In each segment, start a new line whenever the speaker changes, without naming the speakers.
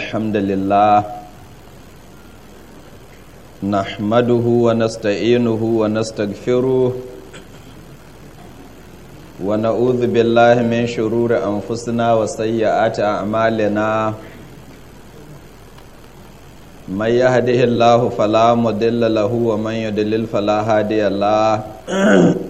Alhamdulillah Nahmaduhu wa nasta'inuhu wa nastaghfiruh wa na'udhu billahi min shururi anfusina wa sayyiati a'malina may yahdihillahu fala mudilla lahu wa may yudlil fala hadiya lahu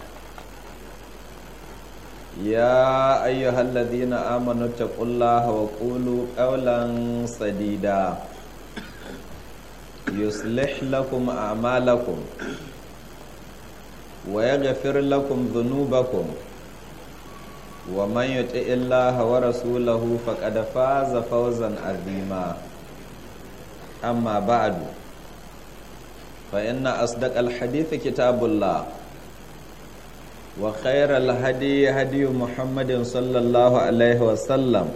Ya ayyuhalladhina amanu taqullaha wa qulu qawlan sadida yuslih lakum a'malakum wa yaghfir lakum dhunubakum wa man yut'i wa rasulahu faqad faza fawzan 'azima amma ba'adu. fa inna asdaqal hadithi kitabullah wa khair al hadi wa sallam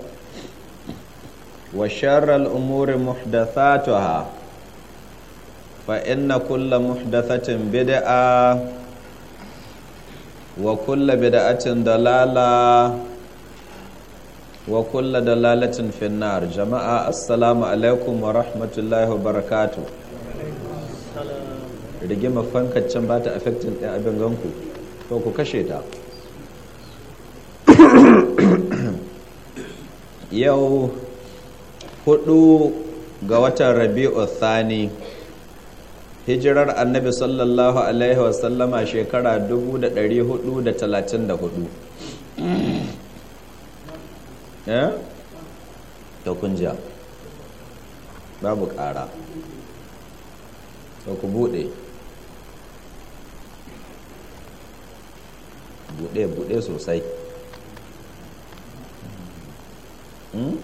wa shar al umur muhdathatuha fa inna kull wa kull bid'atin dalala wa kull dalalatin fi jamaa assalamu alaikum wa rahmatullahi wa barakatuh rigima fankacin bata affecting din abin ganku to ku kashe ta yau hudu ga watan rabi'u thani hijirar annabi sallallahu alaihi wasallama shekara 434 ya ta kunja babu kara ta ku bude buɗe-buɗe sosai hmm?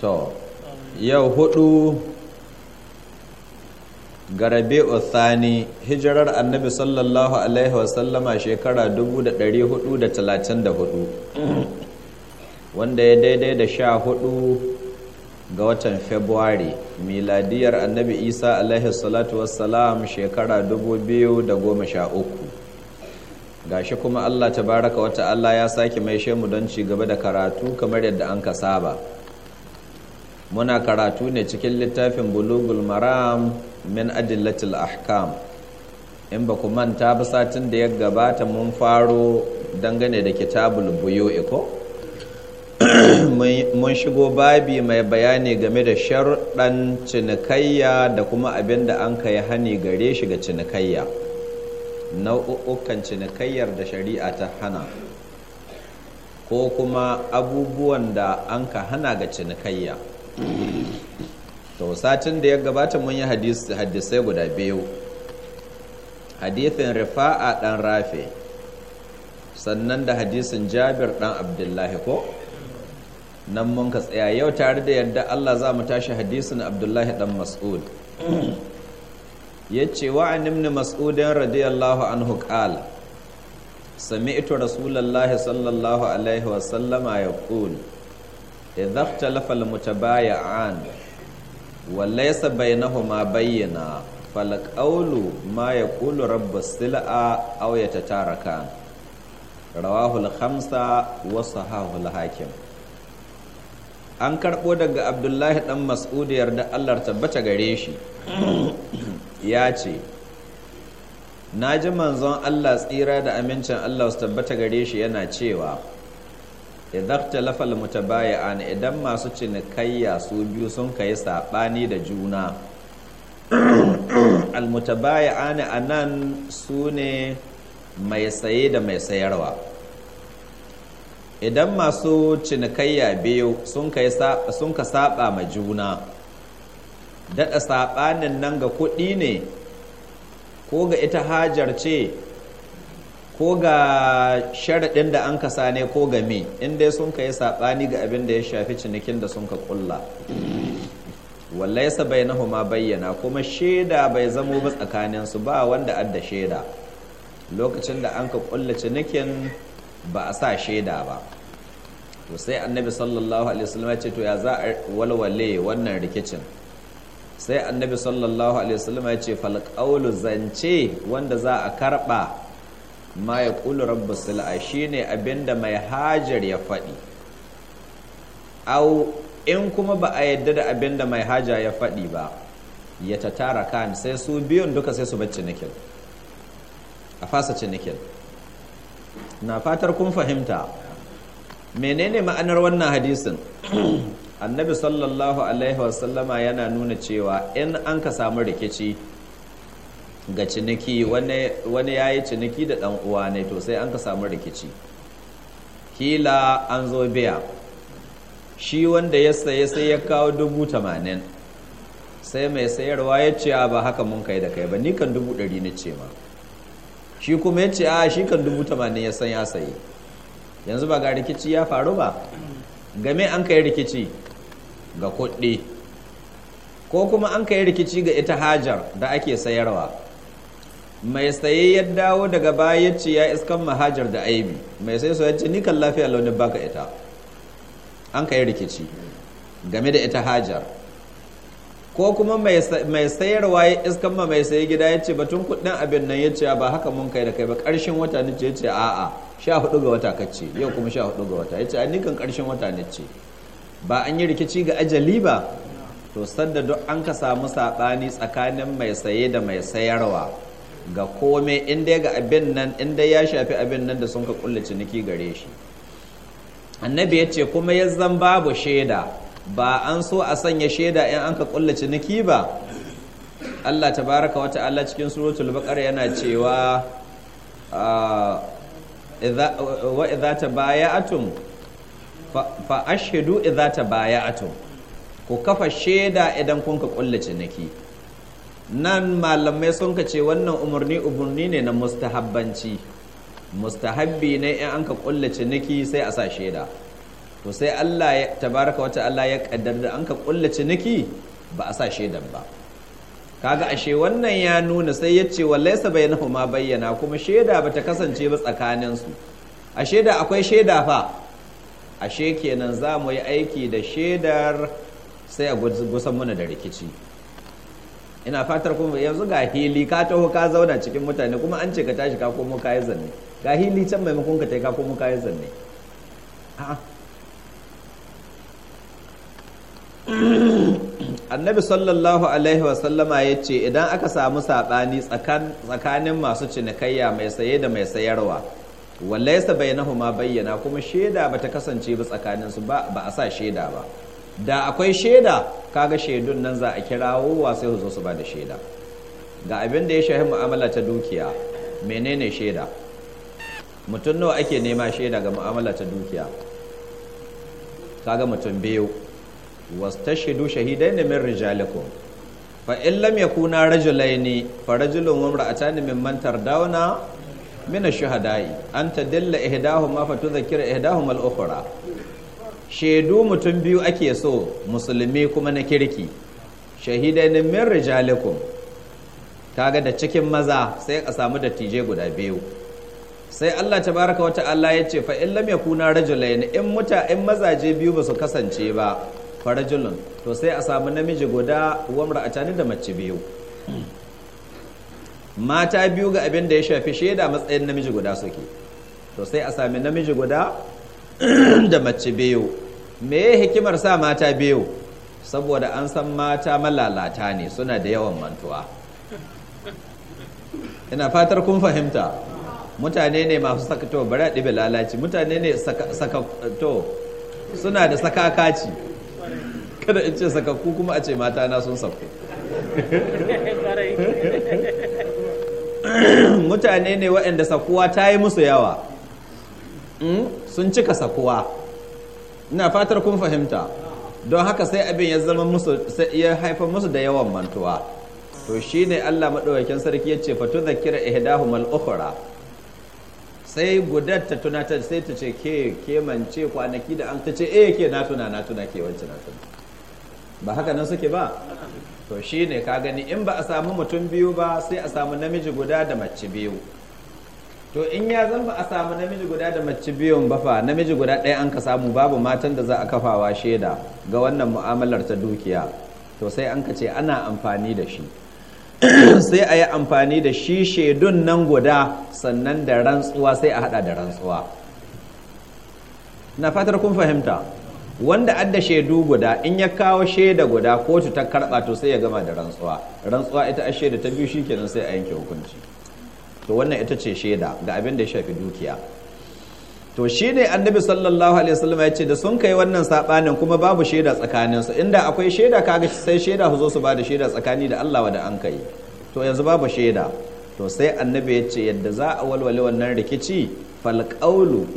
to yau hudu garabe Sani hijirar annabi sallallahu alaihi wasallama shekara 434 wanda ya daidai da sha hudu ga watan february miladiyar annabi isa alaihi salatu wassalam shekara 2013 gashi kuma Allah ta baraka wata Allah ya sake mai mu don ci gaba da karatu kamar yadda an ka saba muna karatu ne cikin littafin bulugul maram min adillatil ahkam in ba ku manta ba satin da ya gabata mun faro dangane da kitabul buyo iko mun shigo babi mai bayani game da sharɗan cinikayya da kuma abin da an ka yi hani gare shi ga cinikayya nau'ukan cinikayyar da shari'a ta hana ko kuma abubuwan da an ka hana ga cinikayya to satin da ya gabata mun yi hadisai guda biyu hadithin rifa'a dan rafe sannan da hadisin jabir dan abdullahi ko nan mun ka tsaya yau tare da yadda allah za mu tashi hadisin abdullahi dan mas'ud yace wa nimni mas'udin mas'ud radiyallahu anhu Sami sami'tu rasulullahi sallallahu alaihi wa sallama yaqul idha ikhtalafa al-mutabayi'an wa laysa bainahuma bayyana ma فالقول sila يقول auyata السلعة أو يتتاركان رواه الخمسة وصححه الحاكم an karɓo daga abdullahi ɗan mas'ud yarda allah tabbata gare shi ya ce na ji manzon Allah tsira da amincin Allah su tabbata gare shi yana cewa idan talafal mutabayi'an idan masu cinikayya su biyu sun kai saɓani da juna almutabayi'an a nan su ne mai saye da mai sayarwa idan masu cinikayya biyu sun ka saɓa ma juna daɗa saɓanin nan ga kuɗi ne ko ga ita hajar ce ko ga sharaɗin da an kasa ne ko ga me in dai sun ka yi saɓani ga abin da ya shafi cinikin da sun ka ƙulla sa bai nahu ma bayyana kuma shaida bai zamo ba tsakaninsu ba wanda adda shaida lokacin da an ka ƙulla cinikin ba a sa shaida ba to sai annabi sallallahu alaihi wasallam ya ce to ya za a walwale wannan rikicin sai annabi sallallahu alaihi wasallam ya ce falqaulu zance wanda za a karba ma ya qulu rabbus sil'a shine abinda mai hajar ya faɗi au in kuma ba a yadda da abinda mai haja ya faɗi ba ya ta kan sai su biyun duka sai su bacci nikin a fasa cinikin na fatar kun fahimta menene ma'anar wannan hadisin annabi sallallahu alaihi wasallama yana nuna cewa in an ka samu rikici ga ciniki wani ya yi ciniki da ɗan uwa ne to sai an ka samu rikici kila an zo biya shi wanda ya saye sai ya kawo dubu tamanin sai mai sayarwa ya ce ba haka mun kai da kai ba ni kan dubu ɗari na ce ma shi kuma ya ce a shi kan dubu tamanin ya san ya saye yanzu ba ga rikici ya faru ba game an kai rikici ga kuɗi ko kuma an kai rikici ga ita hajar da ake sayarwa mai saye ya dawo daga baya ce ya iskan mahajar da aibi mai sai so ya ce nikan lafiya launin baka ita an kai rikici game da ita hajar ko kuma mai sayarwa ya iskan ma mai saye gida ya ce batun kudin abin nan ya ce ba haka mun kai da kai ba karshen wata ne ce ya ce a'a sha hudu ga wata kacce yau kuma sha hudu ga wata ya ce a nikan karshen wata ne ce ba an yi rikici ga ajali ba to sadda duk an ka samu saɓani tsakanin mai saye da mai sayarwa ga kome inda ga abin nan inda ya shafi abin nan da sun ka kulla ciniki gare shi annabi ya ce kuma ya zan babu shaida ba an so a sanya shaida in an ka kulla ciniki ba Allah ta baraka wata ta'ala cikin suratul bakar yana cewa ah, wa idza tabaya'atum fa ashhadu idza tabaya'tum ku kafa shaida idan kun ka kulla ciniki nan malamai sun ka ce wannan umarni umarni ne na mustahabbanci mustahabbi ne in an ka kulla ciniki sai a sa shaida to sai Allah ya tabaraka wata Allah ya kaddar da an ka kulla ciniki ba a sa shaidan ba kaga ashe wannan ya nuna sai ya ce wallaisa bainahu ma bayyana kuma shaida bata kasance ba tsakaninsu a shaida akwai shaida fa ashe kenan za mu yi aiki da shaidar sai a gusan muna da rikici ina fatar kuma yanzu ga hili ka taho ka zauna cikin mutane kuma an ce ka tashi ka komo ka yi zanne ga hili can maimakon ka ta ka komo ka yi zanne annabi sallallahu alaihi wasallama ya ce idan aka samu saɓani tsakanin masu cinikayya mai saye da mai sayarwa wallaysa ma bayyana kuma shaida bata kasance ba tsakanin su ba a sa shaida ba da akwai shaida kaga shaidun nan za a kirawo wa sai su zo su ba da shaida ga abin da ya shahi mu'amala ta dukiya menene shaida mutum nawa ake nema shaida ga mu'amala ta dukiya kaga mutum biyu wastashidu shahidain min rijalikum fa in yakuna rajulaini fa rajulun wa imra'atan mimman tardawna min ash-shuhada'i an tadilla ihdahuma fa tudhakkira ihdahuma al-ukhra shaidu mutum biyu ake so musulmi kuma na kirki shahidan min rijalikum kaga da cikin maza sai a samu dattijai guda biyu sai Allah wata wa ya ce fa in lam yakuna rajulayn in muta in mazaje biyu ba su kasance ba fa rajulun to sai a samu namiji guda wa mar'atani da mace biyu mata biyu ga abin da ya shafi shaida matsayin namiji guda suke to sai a sami namiji guda da mace biyu me ya hikimar sa mata biyu saboda an san mata malalata ne suna da yawan mantuwa ina fatar kun fahimta mutane ne masu sakato bari a ɗibe lalaci mutane ne sakato suna da sakakaci kada in ce sakakku kuma a ce mata na sun sauke mutane ne waɗanda sakuwa ta yi musu yawa hmm? sun cika sakuwa ina fatar kun fahimta don haka sai abin ya zama musu ya haifar musu da yawan mantuwa to shi ne Allah maɗaukakin sarki ya ce fatu kira ihdahum al-ukhra sai gudar ta tunatar sai ta ce ke ke mance kwanaki da an ta ce eh ke na tuna na tuna ke wancan na tuna ba haka nan suke ba to shi ne ka gani in ba a samu mutum biyu ba sai a samu namiji guda da mace biyu to in ya zan ba a samu namiji guda da mace biyun ba fa namiji guda ɗaya an ka samu babu matan da za a kafawa shaida ga wannan mu'amalar ta dukiya to sai an ka ce ana amfani da shi sai a yi amfani da shi shaidun nan guda sannan da rantsuwa sai a haɗa da rantsuwa na fatar kun fahimta wanda adda shaidu guda in ya kawo shaida guda kotu ta karba to sai ya gama da rantsuwa rantsuwa ita a shaida ta biyu shikenan sai a yanke hukunci to wannan ita ce shaida ga abin da ya shafi dukiya to shi ne annabi sallallahu alaihi wasallam ya ce da sun kai wannan sabanin kuma babu shaida tsakaninsu inda akwai shaida kaga sai shaida su zo su bada shaida tsakani da Allah da an kai to yanzu babu shaida to sai annabi ya ce yadda za a walwale wannan rikici fal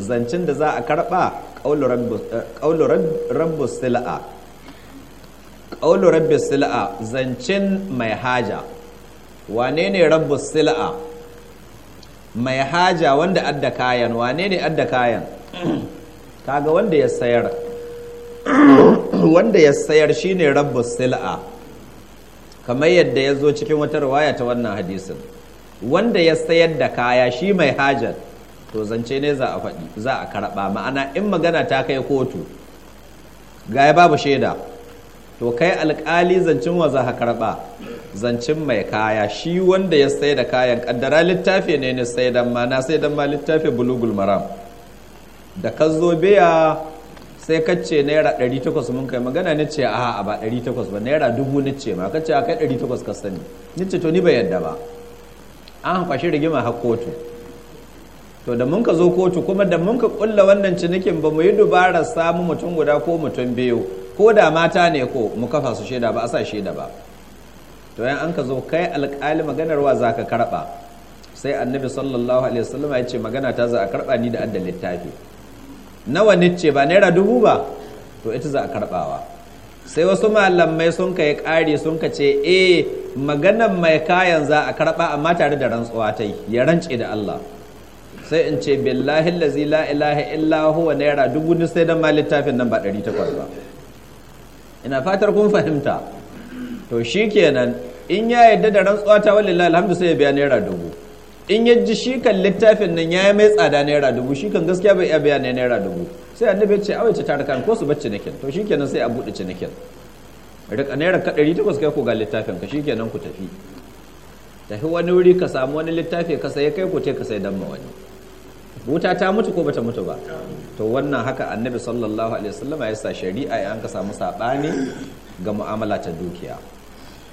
zancen da za a karba ƙaunar rabbi sila'a zancen mai haja wane ne rabbi sila'a mai haja wanda adda kayan wane ne adda kayan kaga wanda ya sayar wanda ya sayar shi ne rabbi sila'a kamar yadda ya zo cikin wata ruwaya ta wannan hadisin wanda ya sayar da kaya shi mai hajar to zance ne za a faɗi za a karɓa ma'ana in magana ta kai kotu ga ya babu shaida to kai alƙali zancen wa za a karɓa zancen mai kaya shi wanda ya sai da kayan ƙaddara littafi ne ne sai dan ma na sai dan ma littafi bulugul maram da ka zo biya sai ka ce naira 800 mun kai magana ne ce a ba 800 ba naira dubu ne ce ma ka ce a kai 800 ka sani ni ce to ni bai yadda ba an fashi rigima har kotu to da mun ka zo kotu kuma da mun ka kulla wannan cinikin ba mu yi dubara samu mutum guda ko mutum biyu ko da mata ne ko mu kafa su shaida ba a sa shaida ba to yan an ka zo kai alƙali maganar wa za ka karɓa sai annabi sallallahu alaihi wasallam ya ce magana ta za a karɓa ni da adda littafi nawa ni ce ba naira dubu ba to ita za a karɓawa sai wasu malamai sun kai ƙari sun ka ce eh maganar mai kayan za a karɓa amma tare da rantsuwa ta ya rance da Allah sai in ce billahi lazi la ilaha illa huwa naira dubu ne sai dan ma littafin nan ba 800 ba ina fatar kun fahimta to shikenan in ya yadda da rantsuwa ta wallahi alhamdu sai ya biya naira dubu in ya ji shi kan littafin nan ya yi mai tsada naira dubu shi kan gaskiya bai iya biya naira dubu sai annabi ya ce awaice tarkan ko su bacci nakin to shikenan sai a bude cinikin rika naira ka 800 kai ko ga littafin ka shikenan ku tafi tafi wani wuri ka samu wani littafi ka sai kai ku ce ka sai dan ma wani wuta ta mutu ko bata mutu ba to wannan haka annabi sallallahu alaihi wasallam ya sa shari'a ya an ka samu sabani ga mu'amala ta dukiya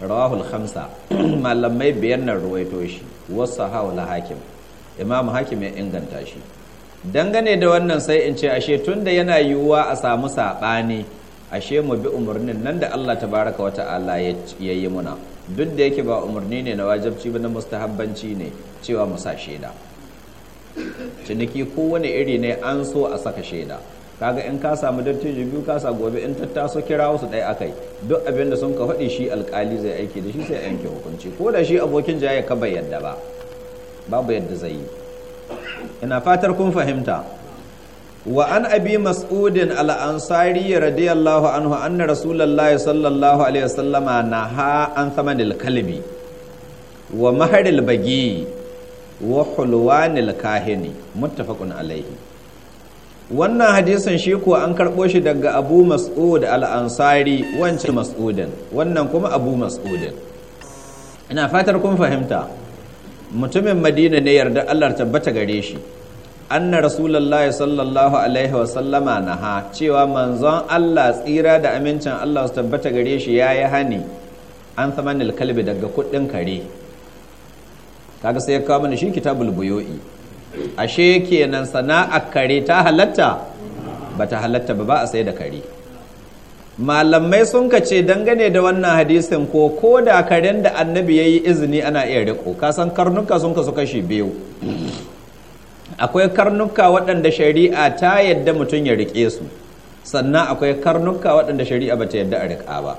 rawahul khamsa malamai biyan nan ruwaito shi wasu hawala hakim imamu hakim ya inganta shi dangane da wannan sai in ce ashe tunda yana yiwuwa a samu sabani ashe mu bi umarnin nan da Allah tabaraka wata'ala ya yi muna duk da yake ba umarni ne na wajabci ba na mustahabbanci ne cewa mu sa shaida ciniki kowane iri ne an so a saka shaida kaga in ka samu dattijo biyu ka sa gobe in tattaso kira wasu ɗaya akai duk abin da sun ka faɗi shi alƙali zai aiki da shi sai a yanke hukunci ko da shi abokin jaya ka bai yadda ba babu yadda zai yi ina fatar kun fahimta wa an abi mas'udin al-ansari radiyallahu anhu anna rasulullahi sallallahu alaihi wasallama naha an thamanil kalbi wa maharil bagi wa hulwanil kahini muttafaqun alaihi wannan hadisin shi ko an karbo shi daga abu mas'ud al-ansari wancan mas'udin wannan kuma abu mas'udin ina fatar kun fahimta mutumin madina ne yarda allah tabbata gare shi anna rasulullahi sallallahu alaihi wa sallama naha cewa manzon allah tsira da amincin allah su tabbata gare shi ya yi hani an samanil kalbi daga kuɗin kare kaga sai ya kawo mana shi kitabul buyo'i ashe kenan sana'a kare ta halatta bata halatta ba ba a sai da kare malamai sun ka ce dangane da wannan hadisin ko ko da karen da annabi yayi izini ana iya riko san karnuka sun kasu kashi biyu akwai karnuka waɗanda shari'a ta yadda mutum ya rike su sannan akwai karnuka waɗanda shari'a bata yadda a rika ba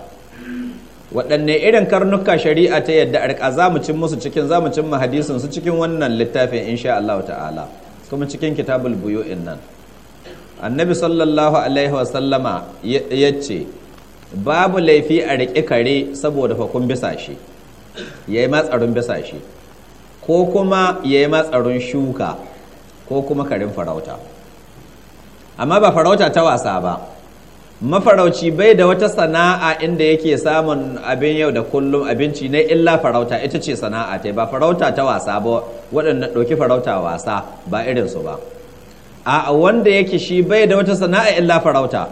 waɗanne irin karnuka shari'a ta yadda arka za mu cin musu cikin za mu cin mu hadisin su cikin wannan littafin insha Allah ta'ala kuma cikin kitabul buyu'in nan annabi sallallahu alaihi wa sallama ce, babu laifi a riƙe kare saboda fakun bisa shi yayi matsarin bisa shi ko kuma yi matsarin shuka ko kuma karin farauta amma ba farauta ta wasa ba mafarauci bai da wata sana'a inda yake samun abin yau da kullum abinci na illa farauta ita ce sana'a ta ba farauta ta wasa ba waɗanda ɗauki farauta wasa ba irinsu ba a wanda yake shi bai da wata sana'a illa farauta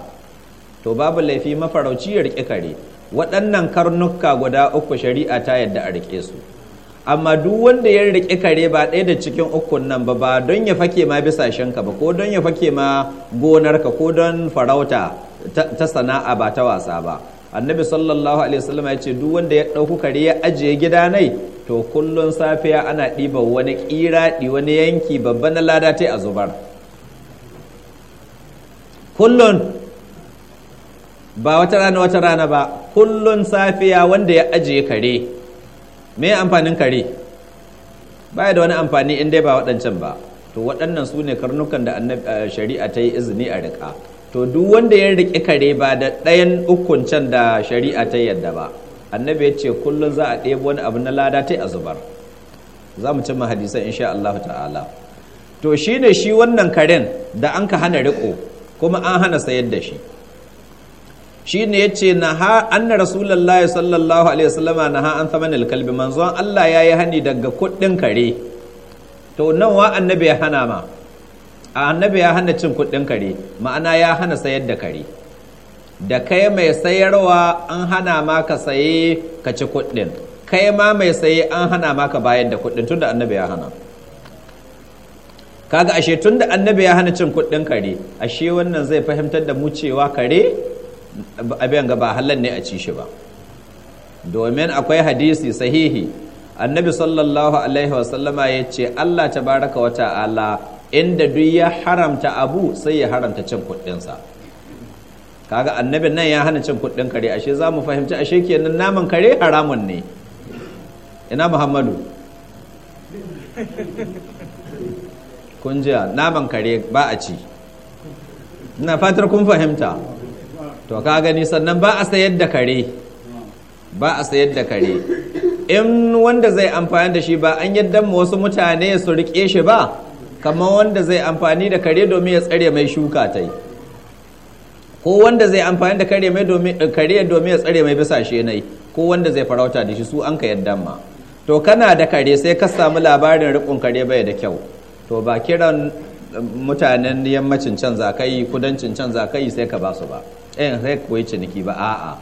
to babu laifi mafarauci ya riƙe kare waɗannan karnuka guda uku shari'a ta yadda a riƙe su amma duk wanda ya riƙe kare ba ɗaya da cikin ukun nan ba ba don ya fake ma bisashenka ba ko don ya fake ma gonarka ko don farauta ta sana'a ba ta wasa ba annabi sallallahu alaihi wasallam ya ce duk wanda ya ɗauku kare ya ajiye gida nai to kullun safiya ana ɗiba wani ƙira ɗi wani yanki babba na lada ta a zubar kullun ba wata rana wata rana ba kullun safiya wanda ya ajiye kare me amfanin kare baya da wani amfani in dai ba waɗancan ba to waɗannan su ne karnukan da eh, shari'a ta yi izini a riƙa to duk wanda ya riƙe kare ba da ɗayan ukun can da shari'a ta yadda ba annabi ya ce kullum za a ɗebo wani abu na lada ta a zubar za mu cimma hadisan insha Allah ta'ala to shine shi wannan karen da an ka hana riƙo kuma an hana sayar da shi shine ce na ha anna rasulullahi sallallahu alaihi wasallama na ha an thamanil kalbi manzon Allah ya yi hani daga kuɗin kare to nan wa annabi ya hana ma annabi ya hana cin kuɗin kare ma'ana ya hana sayar da kare da kai mai sayarwa an hana ma ka saye ka ci kuɗin kai ma mai saye an hana ma ka bayar da kuɗin tunda annabi ya hana kaga ashe tunda annabi ya hana cin kuɗin kare ashe wannan zai fahimtar da mu cewa kare abin ga ba halal ne a ci shi ba domin akwai hadisi sahihi annabi sallallahu alaihi wasallama ya ce allah ta baraka wata ala inda duk ya haramta abu sai ya haramta cin kuɗinsa kaga annabi nan ya hana cin kuɗin kare ashe za mu fahimci ashe kenan naman kare haramun ne ina muhammadu kunjiya naman kare ba a ci ina fatar kun fahimta to ka gani sannan ba a sayar da kare ba a sayar da kare in wanda zai amfani da shi ba an yadda wasu mutane su rike shi ba kamar wanda zai amfani da kare domin ya tsare mai shuka ta yi ko wanda zai amfani da kare mai kare domin ya tsare mai bisa shi nai ko wanda zai farauta da shi su an ka yadda ma to kana da kare sai ka samu labarin rikon kare bai da kyau to ba kiran eh, mutanen yammacin can zakai kudancin can zakai sai ka ba su ba in zai koyi ciniki ba a'a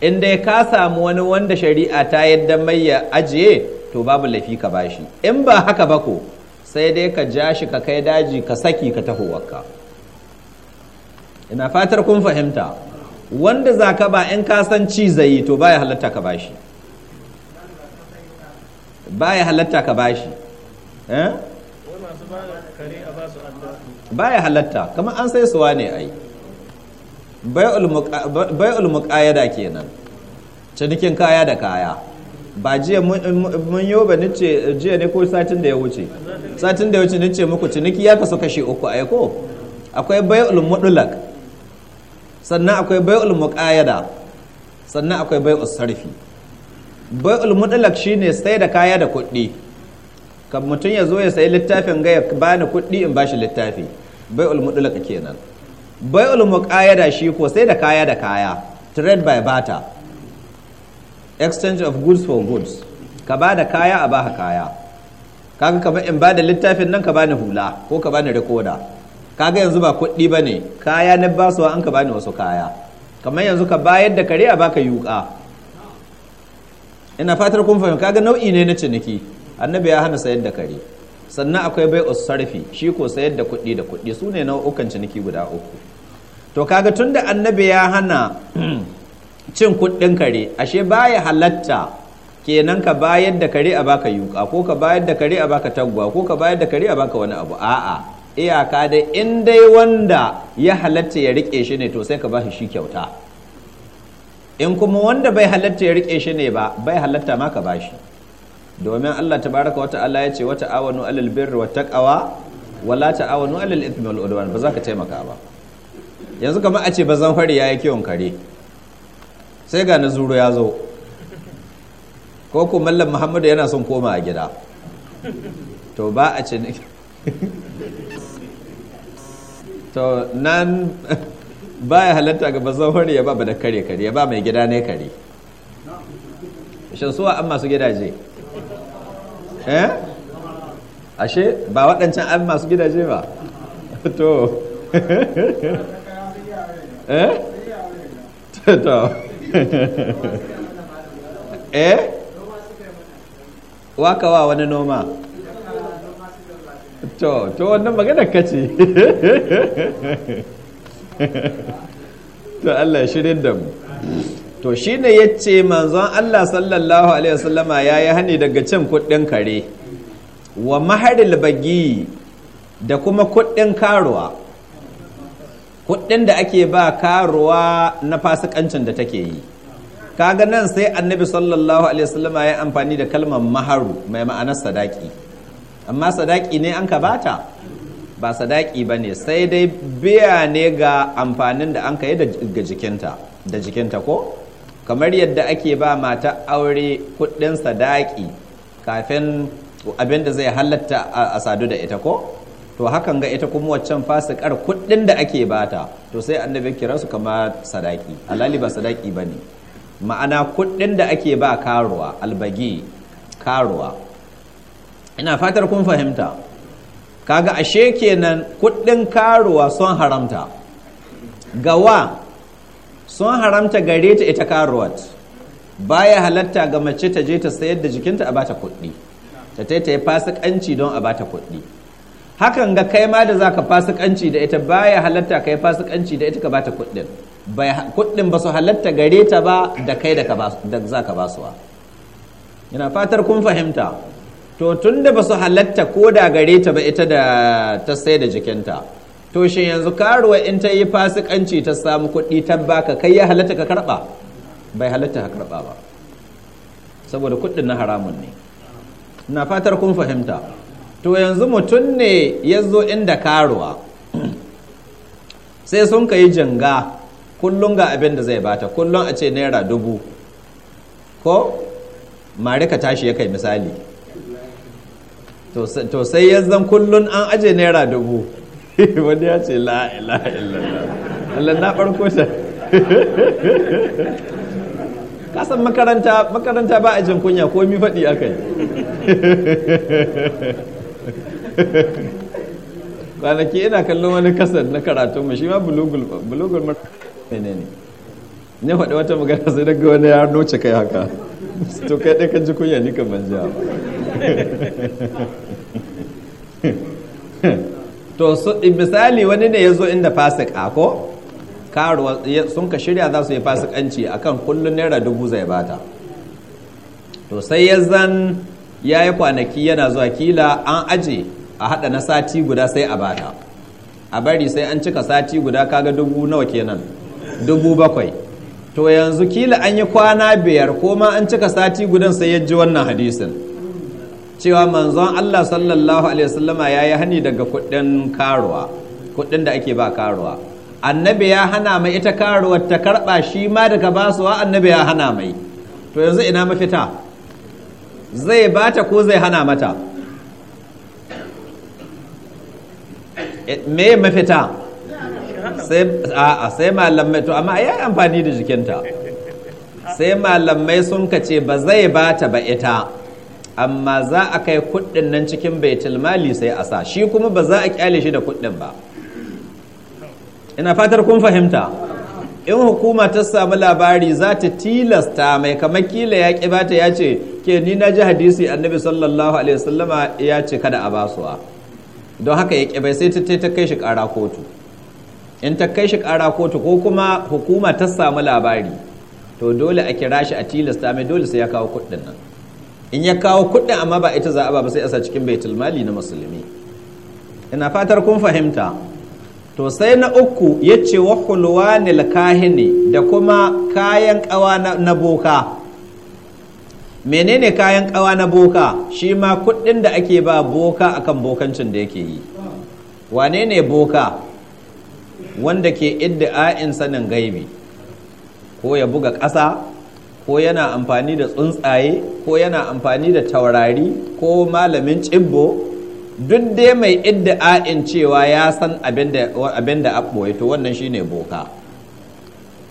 in dai ka samu wani wanda shari'a ta yadda mai ya ajiye to babu laifi ka bashi in ba haka ba ko sai dai ka ja shi ka kai daji ka saki ka tahowarka ina fatar kun fahimta wanda za ka ba in ka san ci zai to baya halatta ka bashi baya halatta ka bashi eh baya halatta kamar an sai suwa ne ai bai'ul muqayyada kenan cinikin kaya da kaya ba jiya mun yi ba nice jiya ne ko satin da ya wuce satin da ya wuce nice muku ciniki ya kasu kashe uku a ko akwai bai'ul mudlaq sannan akwai bai'ul muqayyada sannan akwai bai'ul sarfi bai'ul shi ne sai da kaya da kuɗi kan mutum ya zo ya sayi littafin ga ya bani kuɗi in ba shi littafi bai'ul mudlaq kenan bai'ul muqayyada shi ko sai da kaya da kaya trade by barter exchange of goods for goods ka ba da kaya a baka kaya kaga kamar in ba da littafin nan ka bani hula ko ka bani rekoda kaga yanzu ba kuɗi ba ne kaya na basuwa an ka bani wasu kaya kamar yanzu ka bayar da kare a baka yuka ina fatar kun fahimta kaga nau'i ne na ciniki annabi ya hana sayar da kare sannan akwai bai sarfi shi ko sayar da kuɗi da kuɗi su ne nau'ukan ciniki guda uku to kaga tun da annabi ya hana cin kuɗin kare ashe baya halatta kenan ka bayar da kare a baka yuka ko ka bayar da kare a baka tagwa ko ka bayar da kare a baka wani abu a'a iyaka da in dai wanda ya halatta ya rike shi ne to sai ka bashi shi kyauta in kuma wanda bai halatta ya rike shi ne ba bai halatta ma ka bashi domin Allah ta baraka wata Allah ya ce wata ta'awanu alal birr wa taqwa wala ta ta'awanu alal ithmi wal udwan ba za ka taimaka ba yanzu kamar a ce bazan fari yayi kiwon kare sai ga na zuro ya zo ko ko mallam Muhammadu yana son koma a gida to ba a ce to nan ya halatta ga bazan fari ya ba ba da kare kare ya ba mai gida ne kare shin suwa an masu gidaje eh ashe ba waɗancan abin masu gidaje ba to eh to eh waka wa wani noma to to wannan magana kace to Allah ya shirin da mu to shi ne ya ce manzon Allah sallallahu alaihi wasallama yayi hani daga cin kuɗin kare wa maharil bagi da kuma kuɗin karuwa kuɗin da ake ba karuwa na fasikancin da take yi kaga nan sai annabi sallallahu alaihi wasallama ya amfani da kalmar maharu mai ma'anar sadaki amma sadaki ne an ka bata ba sadaki ba ne sai dai biya ne ga amfanin da an ka yi da jikinta ko kamar yadda ake ba mata aure kudin sadaki kafin abin da zai halatta a sadu da ita ko to hakan ga ita kuma waccan fasikar kudin da ake bata to sai annabi kira su kama sadaki alali ba sadaki ba ne ma'ana kudin da ake ba karuwa albagi karuwa ina fatar kun fahimta kaga ashe kenan kudin karuwa sun haramta gawa sun haramta gare ta ita karuwat baya halatta ga mace ta je ta sayar da jikinta a bata kuɗi ta tai ta yi fasikanci don a bata kuɗi hakan ga kai ma da za ka fasikanci da ita baya halatta ka yi fasikanci da ita ka bata kuɗin kuɗin ba su halatta gare ta ba da kai da za ka basuwa ina fatar kun fahimta to tun da ba su halatta ko da gare ta ba ita da ta sai da jikinta to shi yanzu karuwa in ta yi fasikanci ta samu kuɗi ta baka kai ya halatta ka karɓa bai halatta ka karɓa ba saboda kuɗin na haramun ne na fatar kun fahimta to yanzu mutum ne ya zo inda karuwa sai sun ka yi janga kullum ga abin da zai bata kullum a ce naira dubu ko marika tashi ya kai misali to sai yanzan kullum an aje naira dubu wani ya ce la'ilallah na farko shi kasan makaranta makaranta ba a jin kunya ko mi faɗi aka yi kwanaki ina kallon wani kasan na karatunmu shi ma bulugul mai ne ne ne faɗi wata magana sai daga wani ya noce kai haka to kai ɗaya kan ji kunya ni kan manja ba to misali wani ne ya zo inda fasik ko sun ka shirya za su yi fasikanci kan kullum naira dubu zai bata to sai ya zan ya yi kwanaki yana zuwa kila an aje a hada na sati guda sai a bata a bari sai an cika sati guda kaga dubu nawa kenan dubu bakwai to yanzu kila an yi kwana biyar ko ma an cika sati gudan sai ya ji wannan hadisin cewa manzon Allah sallallahu alaihi wasallama ya yi hani daga kuɗin karuwa kuɗin da ake ba karuwa annabi ya hana mai ita karuwar ta karɓa shi ma daga basuwa annabi ya hana mai to yanzu ina mafita zai bata ko zai hana mata e, me mafita sai malamai to amma ya yi amfani da jikinta sai malamai sun kace ba zai bata ba ita amma za a kai kuɗin nan cikin baitul mali sai a sa shi kuma ba za a kyale shi da kuɗin ba ina fatar kun fahimta in hukuma ta samu labari za ta tilasta mai kamar kila ya ki bata ya ce ke ni na ji hadisi annabi sallallahu alaihi wasallama ya ce kada a basuwa don haka ya ƙi bai sai ta kai shi kara kotu in ta kai shi ƙara kotu ko kuma hukuma ta samu labari to dole a kira shi a tilasta mai dole sai ya kawo kuɗin nan in ya kawo kuɗi amma ba ita za'a ba sai a sa cikin baitul mali na musulmi ina fatar kun fahimta to sai na uku ya ce wa khulwanil kahini da kuma kayan kawa na boka menene kayan kawa na boka shi ma kuɗin da ake ba boka akan bokancin da yake yi wane ne boka wanda ke idda sanin gaibi ko ya buga ƙasa ko yana amfani da tsuntsaye ko yana amfani da taurari ko malamin cibbo duk dai mai idda'a'in cewa ya san abin da to wannan shine boka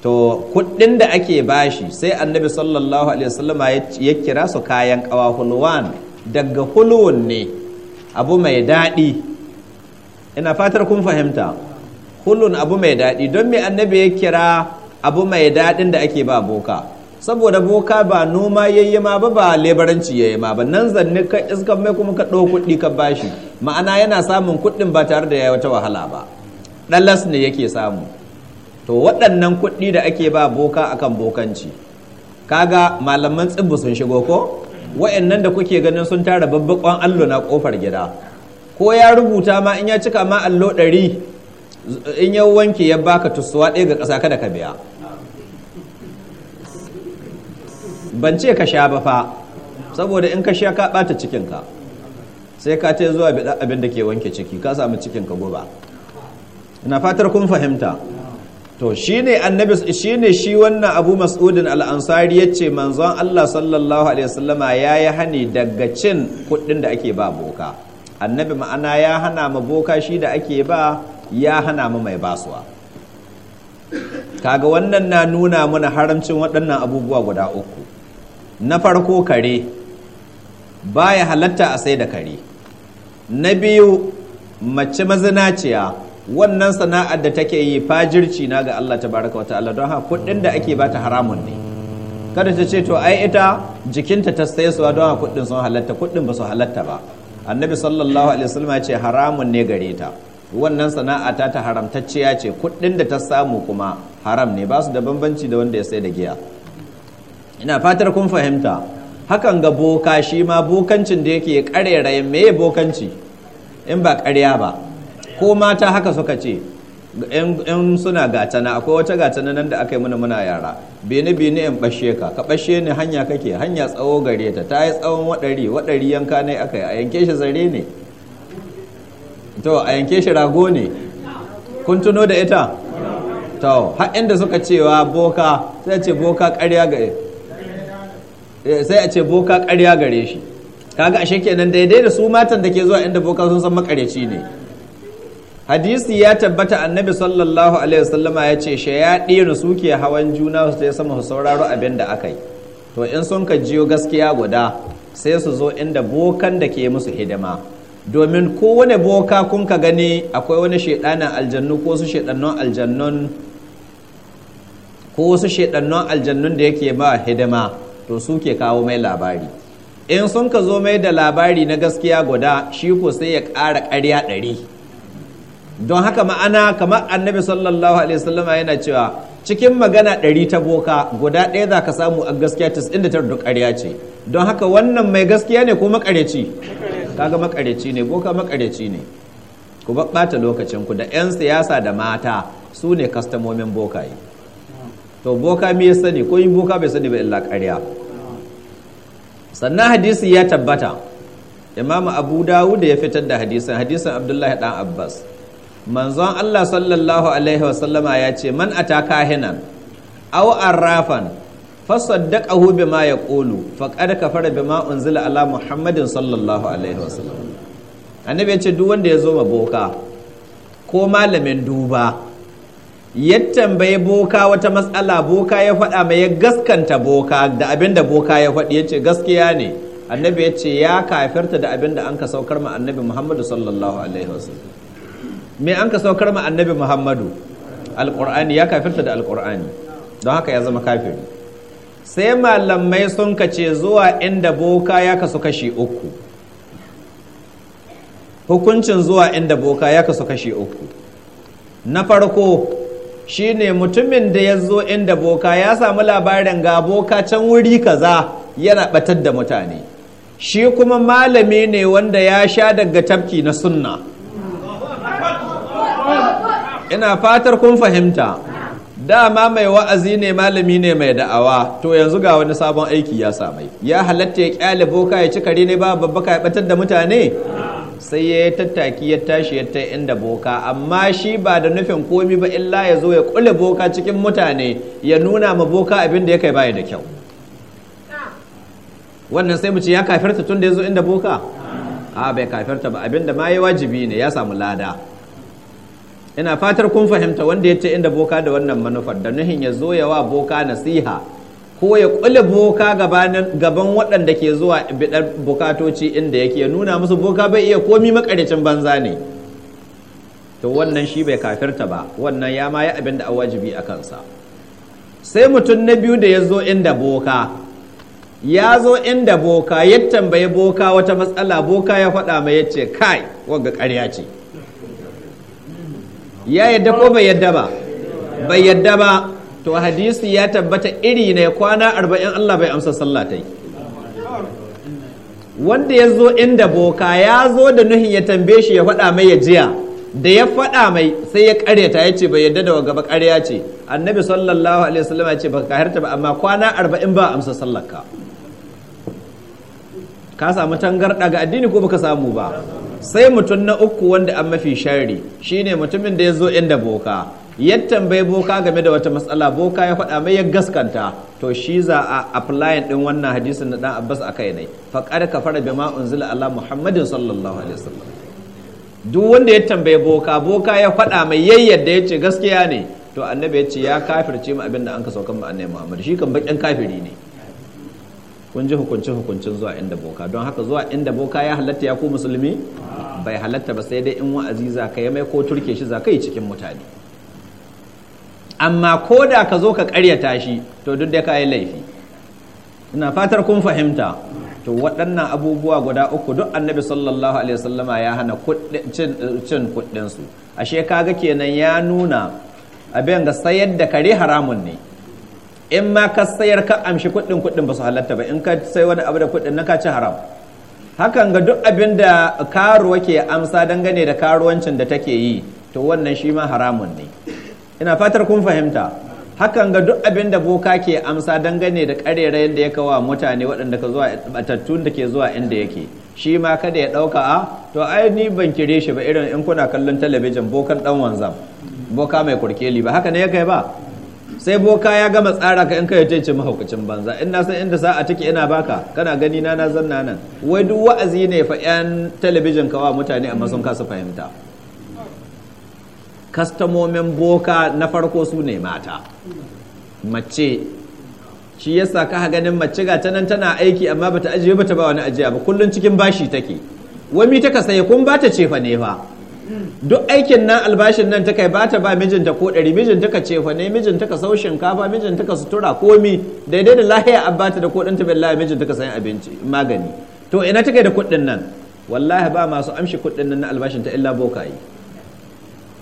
to kuɗin da ake bashi sai annabi sallallahu alaihi wasallama ya kira su kayan kawa hulwan daga hulwan ne abu mai daɗi ina fatar kun fahimta hulun abu mai daɗi don me annabi ya kira abu mai daɗin da ake ba boka saboda boka ba noma yayye ma ba ba lebaranci yayye ma ba nan zanne ka iskan mai kuma ka ɗau kuɗi ka bashi ma'ana yana samun kuɗin ba tare da ya wata wahala ba ɗalas ne yake samu to waɗannan kuɗi da ake ba boka akan bokanci kaga malaman tsibbu sun shigo ko wa'annan da kuke ganin sun tara babbaƙon allo na ƙofar gida ko ya rubuta ma in ya cika ma allo ɗari in ya wanke ya baka tusuwa ɗaya ga ƙasa kada ka biya ban ce ka sha ba fa saboda in ka sha ka bata cikinka sai ka ta zuwa abin da ke wanke ciki ka samu cikinka guba ina fatar kun fahimta to shine annabi shine shi wannan abu mas'udin al-ansari yace manzon Allah sallallahu alaihi wasallama yayi hani daga cin kuɗin da ake ba boka annabi ma'ana ya hana ma boka shi da ake ba ya hana ma mai basuwa kaga wannan na nuna mana haramcin waɗannan abubuwa guda uku na farko kare baya halatta a sai da kare na biyu mace mazinaciya wannan sana'ar da take yi fajirci na ga Allah Ta wa ta'ala don haka kuɗin da ake bata haramun ne kada ta ce to ai ita jikinta ta saye suwa don haka kuɗin sun halatta kuɗin ba su halatta ba annabi sallallahu alaihi wasallam ya ce haramun ne gare ta wannan sana'a ta ta haramtacciya ce kuɗin da ta samu kuma haram ne ba su da bambanci da wanda ya sai da giya ina fatar kun fahimta hakan ga boka shi ma bokancin da yake me ya bokanci in ba ƙarya ba ko mata haka suka ce in suna gatana akwai wata gatana nan da aka yi muna muna yara bini bini in bashe ka ka bashe ni hanya kake hanya tsawo gare ta ta yi tsawon waɗari waɗari yanka ne aka yi a yanke shi zare ne to a yanke shi rago ne kun tuno da ita to har inda suka cewa boka sai ce boka ƙarya ga Eh, sai a ce boka karya gare shi kaga ashe kenan daidai da su matan da ke zuwa inda boka sun san makareci ne hadisi ya tabbata annabi sallallahu alaihi wasallama ya ce shayaɗinu su ke hawan juna su ta sama su sauraro abin da aka yi to in sun ka jiyo gaskiya guda sai su zo inda bokan da ke musu hidima domin kowane boka kun ka gani akwai wani shaidanan aljannu ko su shaidannun aljannun ko wasu shaidannun aljannun da yake ba hidima to su ke kawo mai labari in sun ka zo mai da labari na gaskiya guda shi ko sai ya ƙara ƙarya ɗari don haka ma'ana kamar annabi sallallahu alaihi wasallama yana cewa cikin magana ɗari ta boka guda ɗaya za ka samu a gaskiya inda ta duk ƙarya ce don haka wannan mai gaskiya ne ko makareci kaga makareci ne boka makareci ne ku ɓata lokacinku da 'yan siyasa da mata su ne kastamomin bokaye to boka me ya sani ko yin boka bai sani ba illa ƙarya sannan hadisi ya tabbata imamu abu dawud ya fitar da hadisin hadisin abdullahi dan abbas manzon allah sallallahu alaihi wasallama ya ce man a ata kahinan aw arrafan fasaddaqahu bima yaqulu faqad kafara bima unzila ala muhammadin sallallahu alaihi wasallam annabi ya ce duk wanda ya zo ma boka ko malamin duba ya tambaye boka wata matsala boka ya faɗa mai ya gaskanta boka da abin da boka ya faɗi ya ce gaskiya ne annabi ya ce ya kafirta da abin da an ka saukar ma annabi muhammadu sallallahu alaihi wasallam me an ka saukar ma annabi muhammadu alƙur'ani ya kafirta da alƙur'ani don haka ya zama kafiri sai malamai sun ka ce zuwa inda boka ya kasu kashi uku hukuncin zuwa inda boka ya kasu kashi uku na farko Shi ne mutumin da ya zo inda boka ya samu labarin ga boka can wuri kaza yana batar da mutane shi kuma malami ne wanda ya sha daga tafki na sunna ina fatar kun fahimta dama mai wa'azi ne malami ne mai da'awa to yanzu ga wani sabon aiki ya samai ya halatta ya kyale boka ya ci kare ne ba babbaka ya batar da mutane sai ya yi tattaki ya tashi ya ta inda boka amma shi ba da nufin komi ba illa ya zo ya kule boka cikin mutane ya nuna ma boka abin da ya kai baya da kyau wannan sai mu ya kafirta tun da ya zo inda boka a bai kafirta ba abin da ma ya wajibi ne ya samu lada ina fatar kun fahimta wanda ya ce inda boka da wannan manufar da nuhin ya zo ya wa boka nasiha ko ya kula boka gaban waɗanda ke zuwa biɗar bukatoci inda yake nuna musu boka bai iya komi makaricin banza ne to wannan shi bai kafirta ba wannan ya ma yi abin da wajibi a kansa sai mutum na biyu da ya zo inda boka ya zo inda boka ya tambayi boka wata matsala boka ya faɗa mai ya ce kai wagga ƙarya ce ya yadda ko bai yadda ba bai yadda ba to hadisi ya tabbata iri ne kwana arba'in Allah bai amsa sallah ta yi wanda ya zo inda boka ya zo da nuhin ya tambaye shi ya faɗa mai ya jiya da ya faɗa mai sai ya ƙaryata ya ce bai yadda da gaba ƙarya ce annabi sallallahu alaihi wasallam ya ce baka kahirta ba amma kwana arba'in ba amsa sallarka ka samu tangarɗa ga addini ko baka samu ba sai mutum na uku wanda an mafi shari shine mutumin da ya zo inda boka ya tambaye boka game da wata matsala boka ya faɗa mai ya gaskanta to shi za a applyin din wannan hadisin na dan Abbas kai ne fara kafara bima unzila allah Muhammadin sallallahu alaihi wasallam duk wanda ya tambaye boka boka ya faɗa mai yayyar da ya ce gaskiya ne to annabi ya ce ya kafirce mu abin da an ka saukan mu annabi Muhammad shi kan bakin kafiri ne kun ji hukuncin hukuncin zuwa inda boka don haka zuwa inda boka ya halatta ya ku musulmi bai halatta ba sai dai in wa'azi za ka yi mai ko turke shi za ka yi cikin mutane amma ko da ka zo ka karya tashi to duk da ka yi laifi ina fatar kun fahimta to waɗannan abubuwa guda uku duk annabi sallallahu alaihi wasallama ya hana cin kuɗin su ashe kaga kenan ya nuna abin ga sayar da kare haramun ne in ma ka sayar ka amshi kuɗin kuɗin ba su halatta ba in ka sai wani abu da kuɗin na ka ci haram hakan ga duk abin da karuwa ke amsa dangane da karuwancin da take yi to wannan shi ma haramun ne ina fatar kun fahimta hakan ga duk abin da boka ke amsa dangane da karera yadda ya kawa mutane waɗanda ka zuwa batattun da ke zuwa inda yake shi ma kada ya ɗauka a ah, to ai ni ban kire shi ba irin in kuna kallon talabijin bokan dan wanzam boka mai kurkeli ba haka ne ya kai ba sai boka ya gama tsara ka in ka kai ce mahaukacin banza in na san inda sa'a take ina baka kana gani na na zanna nan wai duk wa'azi ne fa 'yan talabijin kawa mutane amma sun kasa fahimta kastamomin boka na farko su ne mata mace shi yasa ka ganin mace ga ta nan tana aiki amma bata ajiye bata ba wani ajiya ba kullun cikin bashi take wani ta kasaye kun ba ta cefa ne fa duk aikin nan albashin nan ta kai ba ta ba mijinta ko ɗari mijinta ka cefa ne mijinta ka sau shinkafa mijinta ka sutura komi daidai da lahiya abata da kuɗin ta billahi mijinta ka sayan abinci magani to ina ta kai da kuɗin nan wallahi ba masu amshi kuɗin nan na albashin ta illa boka yi.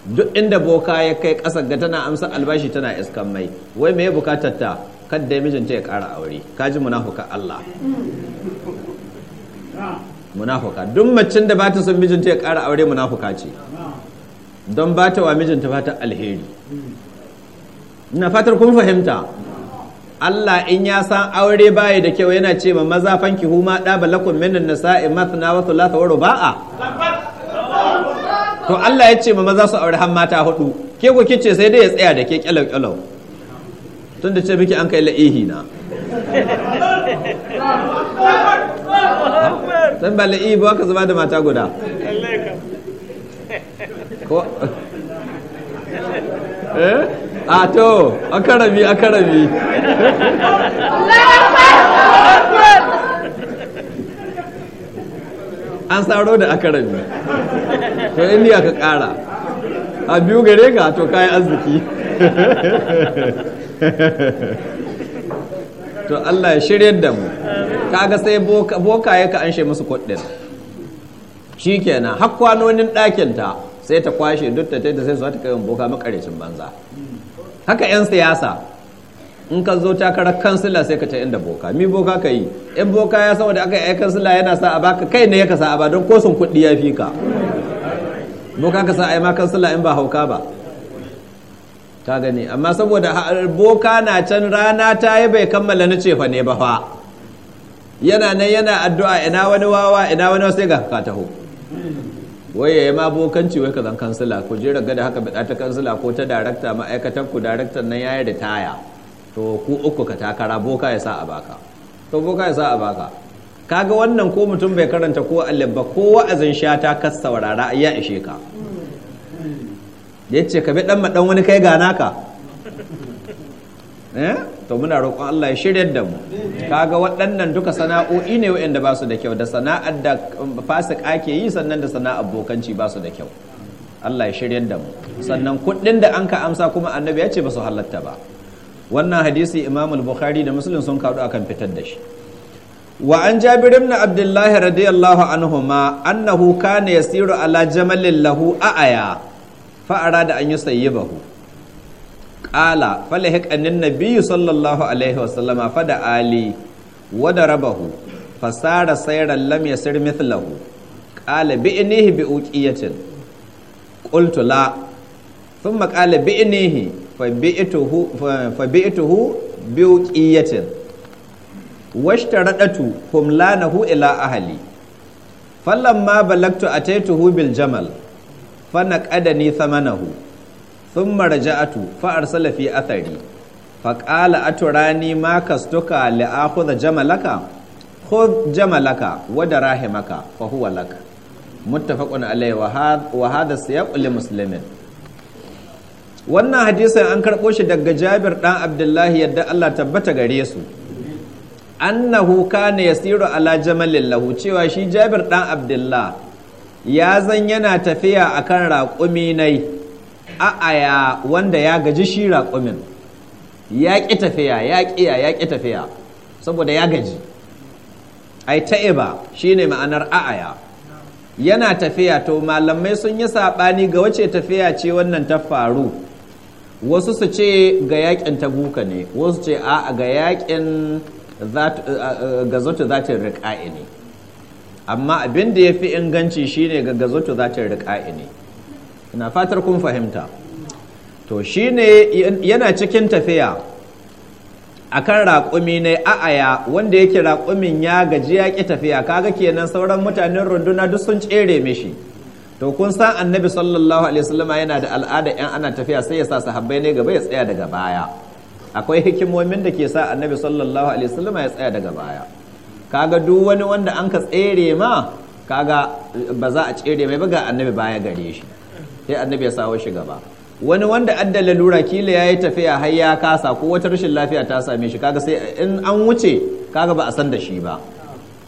duk inda boka ya kai ƙasa ga tana amsa albashi tana iskan mai wai me bukatar ta kadda mijinta ya ƙara aure kaji munafuka Allah munafuka duk macin da bata son mijinta ya ƙara aure munafuka ce don bata wa mijinta fata alheri ina fatar kun fahimta Allah in ya san aure baya da kyau yana ce ma maza fanki huma da balakum minan nisa'i mathna wa thulatha wa ruba'a to Allah ya ce ma maza su aure har mata hudu ke ko kice sai dai ya tsaya da ke kyalau kyalau tunda ce miki an kai la'ihi na
san ba la'ihi ba ka zama da mata guda ko
eh a to akarami akarami an saro da aka rabi to indiya ka kara a biyu gare ka to kayan arziki to Allah ya shirya da mu kaga sai boka ya ka anshe musu kuɗin shikenan har kwanonin ɗakin ta sai ta kwashe duk ta sai su ta kai boka makarecin banza haka 'yan siyasa in ka zo karar kansila sai ka ce inda boka mi boka ka yi in boka ya saboda aka yi kansila yana sa a baka kai ne ya ka sa a ba don ko sun kuɗi ya fi ka boka ka sa a yi ma kansila in ba hauka ba ta gani amma saboda boka na can rana ta yi bai kammala na cefa ne ba fa yana nan yana addu'a ina wani wawa ina wani wasu ga ka taho waye ya ma bokanci wai ka zan kansila ku jira gada haka bada ta kansila ko ta darakta ma'aikatan ku daraktan nan yayi ritaya to ku uku ka takara boka ya sa a baka to boka ya sa a baka kaga wannan ko mutum bai karanta ko alibba ko wa'azin shata ka saurara ya ishe ka yace ka bi dan madan wani kai gana ka eh to muna roƙon Allah ya shirya da mu kaga waɗannan duka sana'o'i ne wa'anda ba su da kyau da sana'ar da um, fasik ake yi sannan da sana'ar bokanci ba su da kyau Allah ya shirya da mu sannan kuɗin da an ka amsa kuma annabi ya ce ba su halatta ba wannan hadisi imam al-bukhari da muslim sun kaɗu akan fitar da shi wa an jabir ibn abdullahi radiyallahu anhuma annahu kana yasiru ala jamalin lahu aya fa arada an yusayyibahu qala falahik annin nabiyyu sallallahu alaihi wa sallama fada ali wa darabahu fasara sayran lam yasir mithlahu qala bi'nihi bi uqiyatin qultu la thumma qala bi'nihi fabi'tuhu biuqiyatin washtaradatu humlanahu ila ahli falamma balagtu ataituhu bil jamal fanaqadani thamanahu thumma raja'atu fa arsala fi athari faqala aturani ma kastuka li akhudha jamalaka khudh jamalaka wa darahimaka fa huwa laka muttafaqun alayhi wa hadha siyaq li muslimin wannan hadisin an karɓo shi daga jabir ɗan abdullahi yadda allah tabbata gare su annahu kana yasiru ala jamalin lahu cewa shi jabir ɗan abdullah ya zan yana tafiya akan raƙumi nai a'aya wanda ya gaji shi raƙumin ya ƙi tafiya ya ƙiya ya ƙi tafiya saboda ya gaji ai shi ne ma'anar aya yana tafiya to malamai sun yi saɓani ga wace tafiya ce wannan ta faru wasu su ce ga yakin tabuka ne wasu ce a ga yakin eh, eh, gazotu zatin rika'i ne amma abin da ya fi inganci shine ga gazotu zatin rika'i ne ina fatar kun fahimta to shine yana cikin tafiya akan raƙumi ne a'aya wanda yake raƙumin ya gaji ya ƙi tafiya kaga kenan sauran mutanen runduna duk sun tsere mishi to kun san annabi sallallahu alaihi wasallam yana da al'ada yan ana tafiya sai ya sa sahabbai ne gaba ya tsaya daga baya akwai hikimomin da ke sa annabi sallallahu alaihi wasallam ya tsaya daga baya kaga duk wani wanda an ka tsere ma kaga ba za a tsere mai ba ga annabi baya gare shi sai annabi ya sawo shi gaba wani wanda addala lura kila ya yi tafiya har ya kasa ko wata rashin lafiya ta same shi kaga sai in an wuce kaga ba a san da shi ba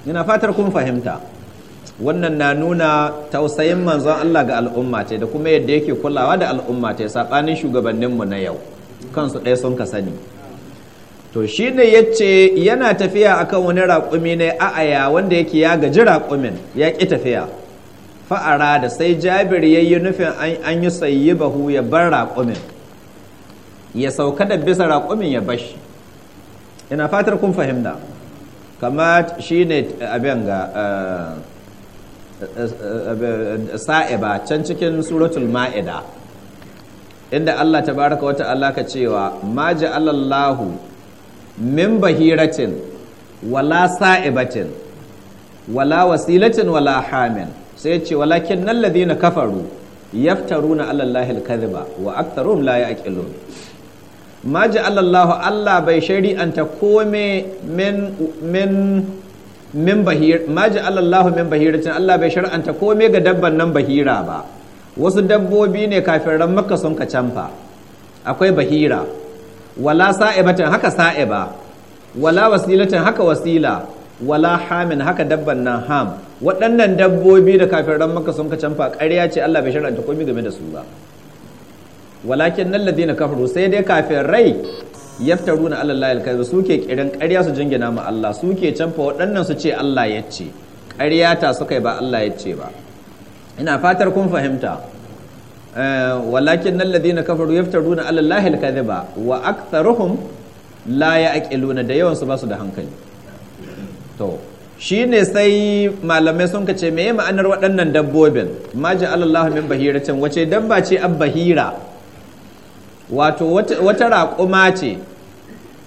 ina fatar kun fahimta wannan na nuna tausayin manzon Allah ga al'umma ce da kuma yadda yake kulawa da al'umma ce shugabannin shugabanninmu na yau kansu ɗaya sun ka sani to shi ne ya ce yana tafiya akan wani raƙumi ne aya wanda yake ya gaji raƙumin ya ki tafiya fa'ara da sai jabir ya yi nufin an yi sayi bahu ya bar raƙumin ya sauka da bisa raƙumin ya bashi ina fatar kun fahimta kama shi ne abin ga eh, sa'iba can cikin suratul ma'ida inda Allah baraka wata Allah ka cewa ma ja'alallahu min bahiratin wala sa'ibatin wala wasilatin wala hamin sai ce walakin nan ladina kafaru yaftaruna na Allah kadhiba wa aktharuhum la ya'qilun ma Allah bai shari'anta kome min min bahir ma ja'ala Allahu min bahiratin Allah bai shar'anta komai ga dabban nan bahira ba wasu dabbobi ne kafiran makka sun ka canfa akwai bahira wala sa'ibatin haka sa'iba wala wasilatin haka wasila wala hamin haka dabban nan ham waɗannan dabbobi da kafiran makka sun ka canfa ƙarya ce Allah bai shar'anta komai game da su ba walakin nan ladina kafaru sai dai kafirai yaftaru na Allah alkaza suke kiran karya su jingina ma Allah suke canfa waɗannan su ce Allah ya ce ƙarya ta su kai ba Allah ya ce ba ina fatar kun fahimta eh, walakin nan na kafaru yaftaru na Allah ba wa aktharuhum la ya'qiluna da yawan su ba da hankali to shi ne sai malamai sun kace meye ma'anar waɗannan dabbobin Maji Allah min bahiratin wace dabba ce abbahira bahira wato wata raƙuma ce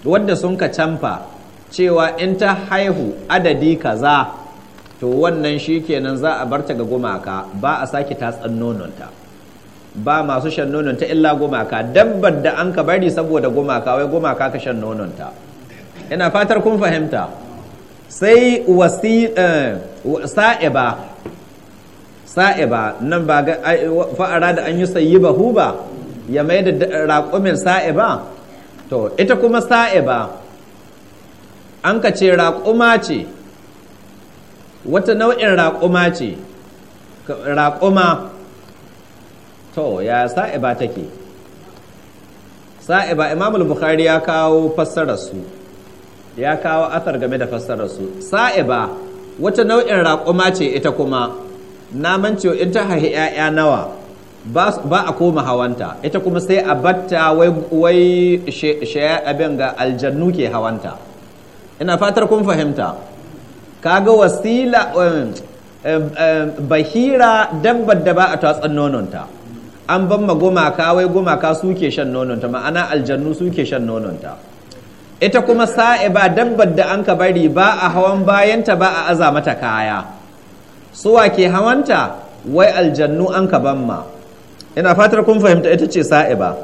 wadda sun ka canfa cewa in ta haihu adadi kaza to wannan shi kenan za a bar ta ga gumaka ba a sake tatsan nononta ba masu shan nononta illa gumaka dabbar da an ka bari saboda gumaka wai gumaka ka shan nononta ina fatar kun fahimta sai wasi eh, sa'iba sa'iba nan ba fa'ara da an yi sayi bahu ba ya mai da raƙumin sa'iba to ita kuma sa'iba an ka ce raƙuma ce wata nau'in raƙuma ce raƙuma to ya sa'iba take sa'iba imamul bukhari ya kawo fassararsu ya kawo athar game da fassararsu sa'iba wata nau'in raƙuma ce ita kuma Na ciwo in ta haihi 'ya'ya nawa ba a koma hawanta ita kuma sai a batta wai shaya abin ga aljannu ke hawanta ina fatar kun fahimta kaga wasila um, um, um, bahira dabbar da ba a tatsan nononta an ban gumaka wai gumaka suke shan nononta ma'ana aljannu suke shan nononta ita kuma ba dabbar da an ka bari ba a hawan bayanta ba a aza mata kaya suwa ke hawanta wai aljannu an ka ban ma ina fatar kun fahimta ita ce sa'iba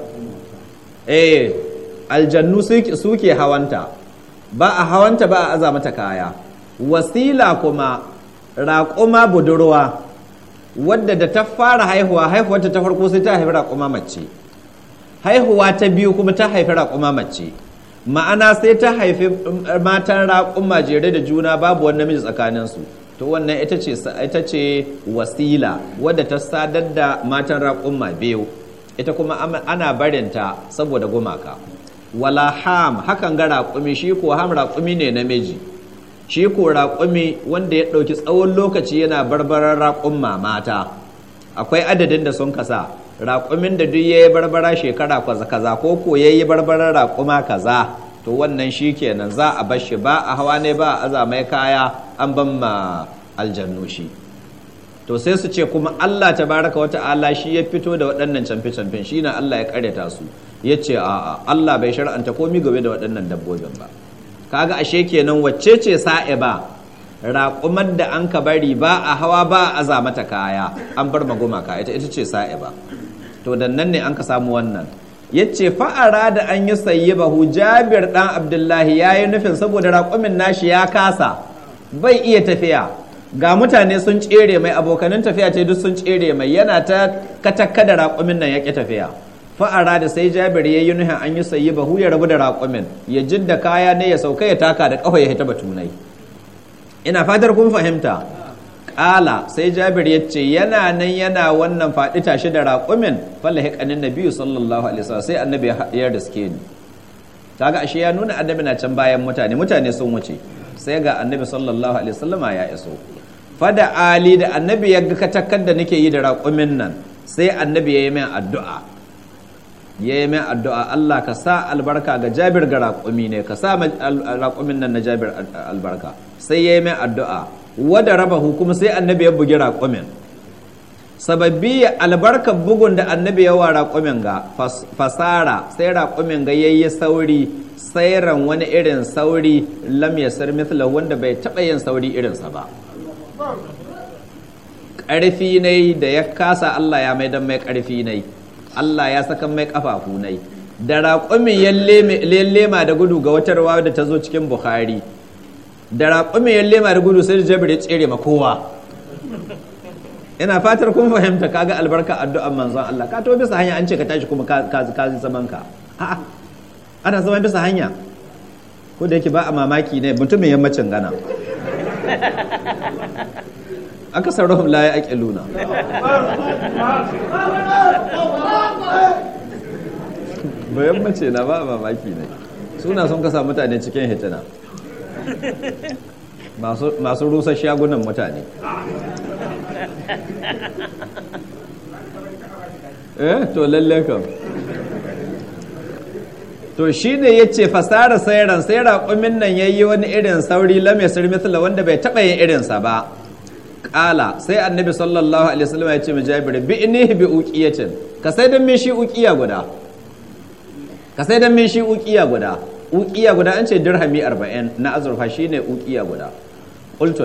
eh aljannu suke hawanta ba a hawanta ba a aza mata kaya wasila kuma raƙuma budurwa wadda da ta fara haihuwa haihuwarta ta farko sai ta haifi raƙuma mace haihuwa ta biyu kuma ta haifi raƙuma mace ma'ana sai ta haifi um, matan raƙuma jere da juna babu wani namiji tsakaninsu to wannan ita ce ita ce wasila wadda ta sadar da matan raƙumma biyu ita kuma ana barin ta saboda gumaka wala ham hakan ga raƙumi shi ko ham raƙumi ne namiji shi ko raƙumi wanda ya ɗauki tsawon lokaci yana barbarar raƙumma mata akwai adadin da sun kasa raƙumin da duk yayi barbara shekara kaza kaza ko ko yayi barbarar raƙuma kaza to wannan shi kenan za a bar shi ba a hawa ne ba a mai kaya an ban ma aljannu shi to sai su ce kuma Allah ta baraka wata ta'ala shi ya fito da waɗannan canfe-canfen shi na Allah ya karyata su ya ce a'a Allah bai shar'anta komi gobe da waɗannan dabbobin ba kaga ashe kenan wacce ce sa'e ba raƙumar da an ka bari ba a hawa ba a aza mata kaya an bar ka ita ita ce sa'e ba to dan nan ne an ka samu wannan ya ce fa'ara da an yi sayi bahu jabir ɗan abdullahi ya yi nufin saboda raƙumin nashi ya kasa bai iya tafiya ga mutane sun tsere mai abokanin tafiya ce duk sun tsere mai yana ta katakka da raƙumin nan ya ƙi tafiya fa'ara da sai jabir ya yi nufin an yi sayi bahu ya rabu da raƙumin ya jidda kaya ne ya sauka ya taka da ƙafa ya hita batunai ina fatar kun fahimta ƙala sai jabir ya ce yana nan yana wannan faɗi tashi da raƙumin falle haƙanin na biyu sallallahu alaihi wasallam sai annabi ya riske ni ta ga ashe ya nuna annabi na can bayan mutane mutane sun wuce sai ga annabi sallallahu alaihi wasallama ya iso fada ali da annabi ya ga katakar da nake yi da raƙumin nan sai annabi ya yi min addu'a ya yi min addu'a Allah ka sa albarka ga jabir ga raƙumi ne ka sa raƙumin nan na jabir albarka sai ya yi min addu'a wada raba kuma sai annabi ya bugi raƙumin sababbi albarkar bugun da annabi ya wa raƙumin ga fasara sai raƙumin ga yayi sauri sairan wani irin sauri lam sar mithla wanda bai taɓa yin sauri irinsa ba ƙarfi ne da ya kasa Allah ya mai don mai ƙarfi ne Allah ya saka mai ƙafafu ne da raƙumin ya lema da gudu ga watarwa da ta zo cikin Bukhari da raƙumin ya lema da gudu sai jabir ya tsere ma kowa ina fatar kun fahimta kaga albarka addu'an manzon Allah ka to bisa hanya an ce ka tashi kuma ka ka zaman ka a'a ana zaman bisa hanya ko da yake ba a mamaki ne mutumin yammacin gana aka sarrafa layi a luna. bayan mace na ba a mamaki ne suna sun kasa mutane cikin hitina masu rusa shagunan mutane eh to lalle kam to shi ne ya ce fasara sayaran sai raƙumin nan ya yi wani irin sauri lamai sirmitila wanda bai taɓa yin irinsa ba ƙala sai annabi sallallahu alaihi wasallam ya ce mu jabir bi ini bi uqiyatin ka sai dan min shi uqiya guda ka sai dan min shi uqiya guda ukiya guda an ce dirhami arba'in na azurfa shine ukiya guda qultu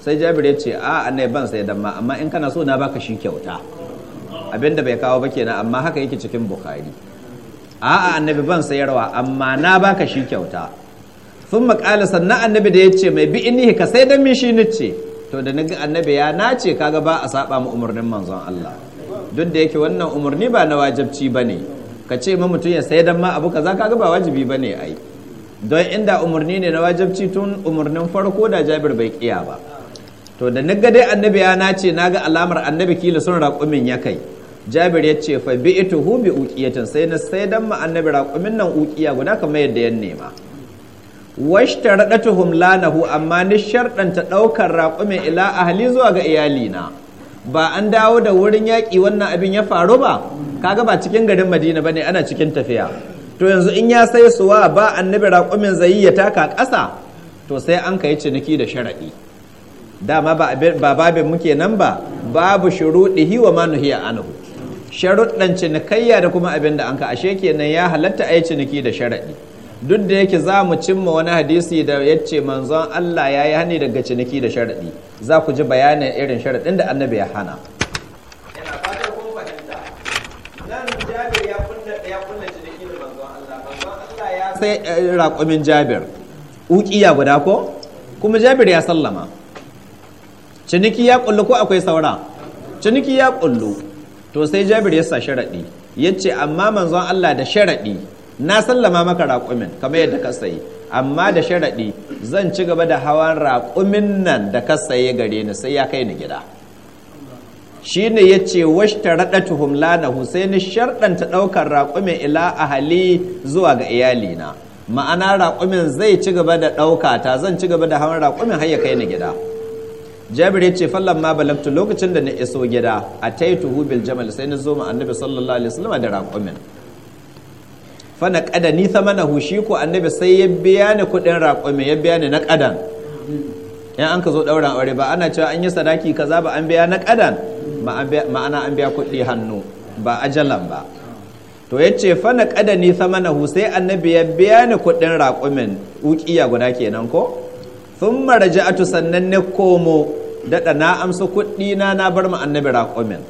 sai jabir ya ce a annai ban sai dan amma in kana so na baka shi kyauta abinda bai kawo ba kenan amma haka yake cikin bukhari a'a annabi ban sayarwa amma na baka shi kyauta sun makala sannan annabi da ya ce mai bi inihi ka sai dan shi ni ce to da naga annabi ya nace kaga ba a saba mu umarnin manzon Allah duk da yake wannan umarni ba na wajibci bane ka ce ma mutum ya sai dan ma abu kaza kaga ba wajibi bane ai don inda umarni ne na wajibci tun umarnin farko da Jabir bai kiya ba to da naga dai annabi ya na ga alamar annabi kila sun raƙumin ya kai Jabir ya ce fa hu bi uqiyatin sai na sai dan ma annabi raƙumin nan uqiya guda kamar yadda ya nema washtaradatuhum lanahu amma ni ta ɗaukar raƙumin ila ahli zuwa ga iyalina ba an dawo da wurin yaƙi wannan abin ya faru ba kaga ba cikin garin madina bane ana cikin tafiya to yanzu in ya sai suwa ba annabi raƙumin zayi ya taka ƙasa to sai an kai ciniki da sharaɗi dama ba babin muke nan ba babu hiwa wa hiya anhu sharuɗan cinikayya da kuma abin da an ka ashe kenan ya halatta a yi ciniki da sharaɗi duk da yake za mu cimma wani hadisi da ya manzon Allah ya yi hani daga ciniki da sharaɗi za ku ji bayanin irin sharaɗin da annabi ya hana sai eh, raƙomin jabir ukiya guda ko kuma jabir ya sallama ciniki ya kullu ko akwai saura ciniki ya kullu to sai jabir ya sa sharaɗi ya ce amma manzon Allah da sharaɗi na sallama maka raƙumin kamar yadda ka sayi amma da sharaɗi zan ci gaba da hawan raƙumin nan da ka saye gare ni sai ya kai ni gida shi shine yace washtaradatuhum lanahu sai ni sharɗanta ɗaukar raƙumin ila ahali zuwa ga iyalina ma'ana raƙumin zai ci gaba da ɗauka ta zan ci gaba da hawan raƙumin har ya kai ni gida jabir ya ce fallan ma balabtu lokacin da na iso gida a taituhu bil jamal sai na zo annabi sallallahu alaihi wasallam da raƙumin fana kada ni thamanahu shi ko annabi sai ya biya ni kuɗin raƙumin ya biya ni na kadan in an ka zo ɗauran aure ba ana cewa an yi sadaki kaza ba an biya na kadan ma'ana an biya kuɗi hannu ba ajalan ba to ya ce fana ƙadani samanahu sai annabi ya biya ni kuɗin raƙumin ukiya guda kenan ko sun mara maraja'atu sannan na komo daɗa na amsa kuɗi na na bar ma annabi raƙumin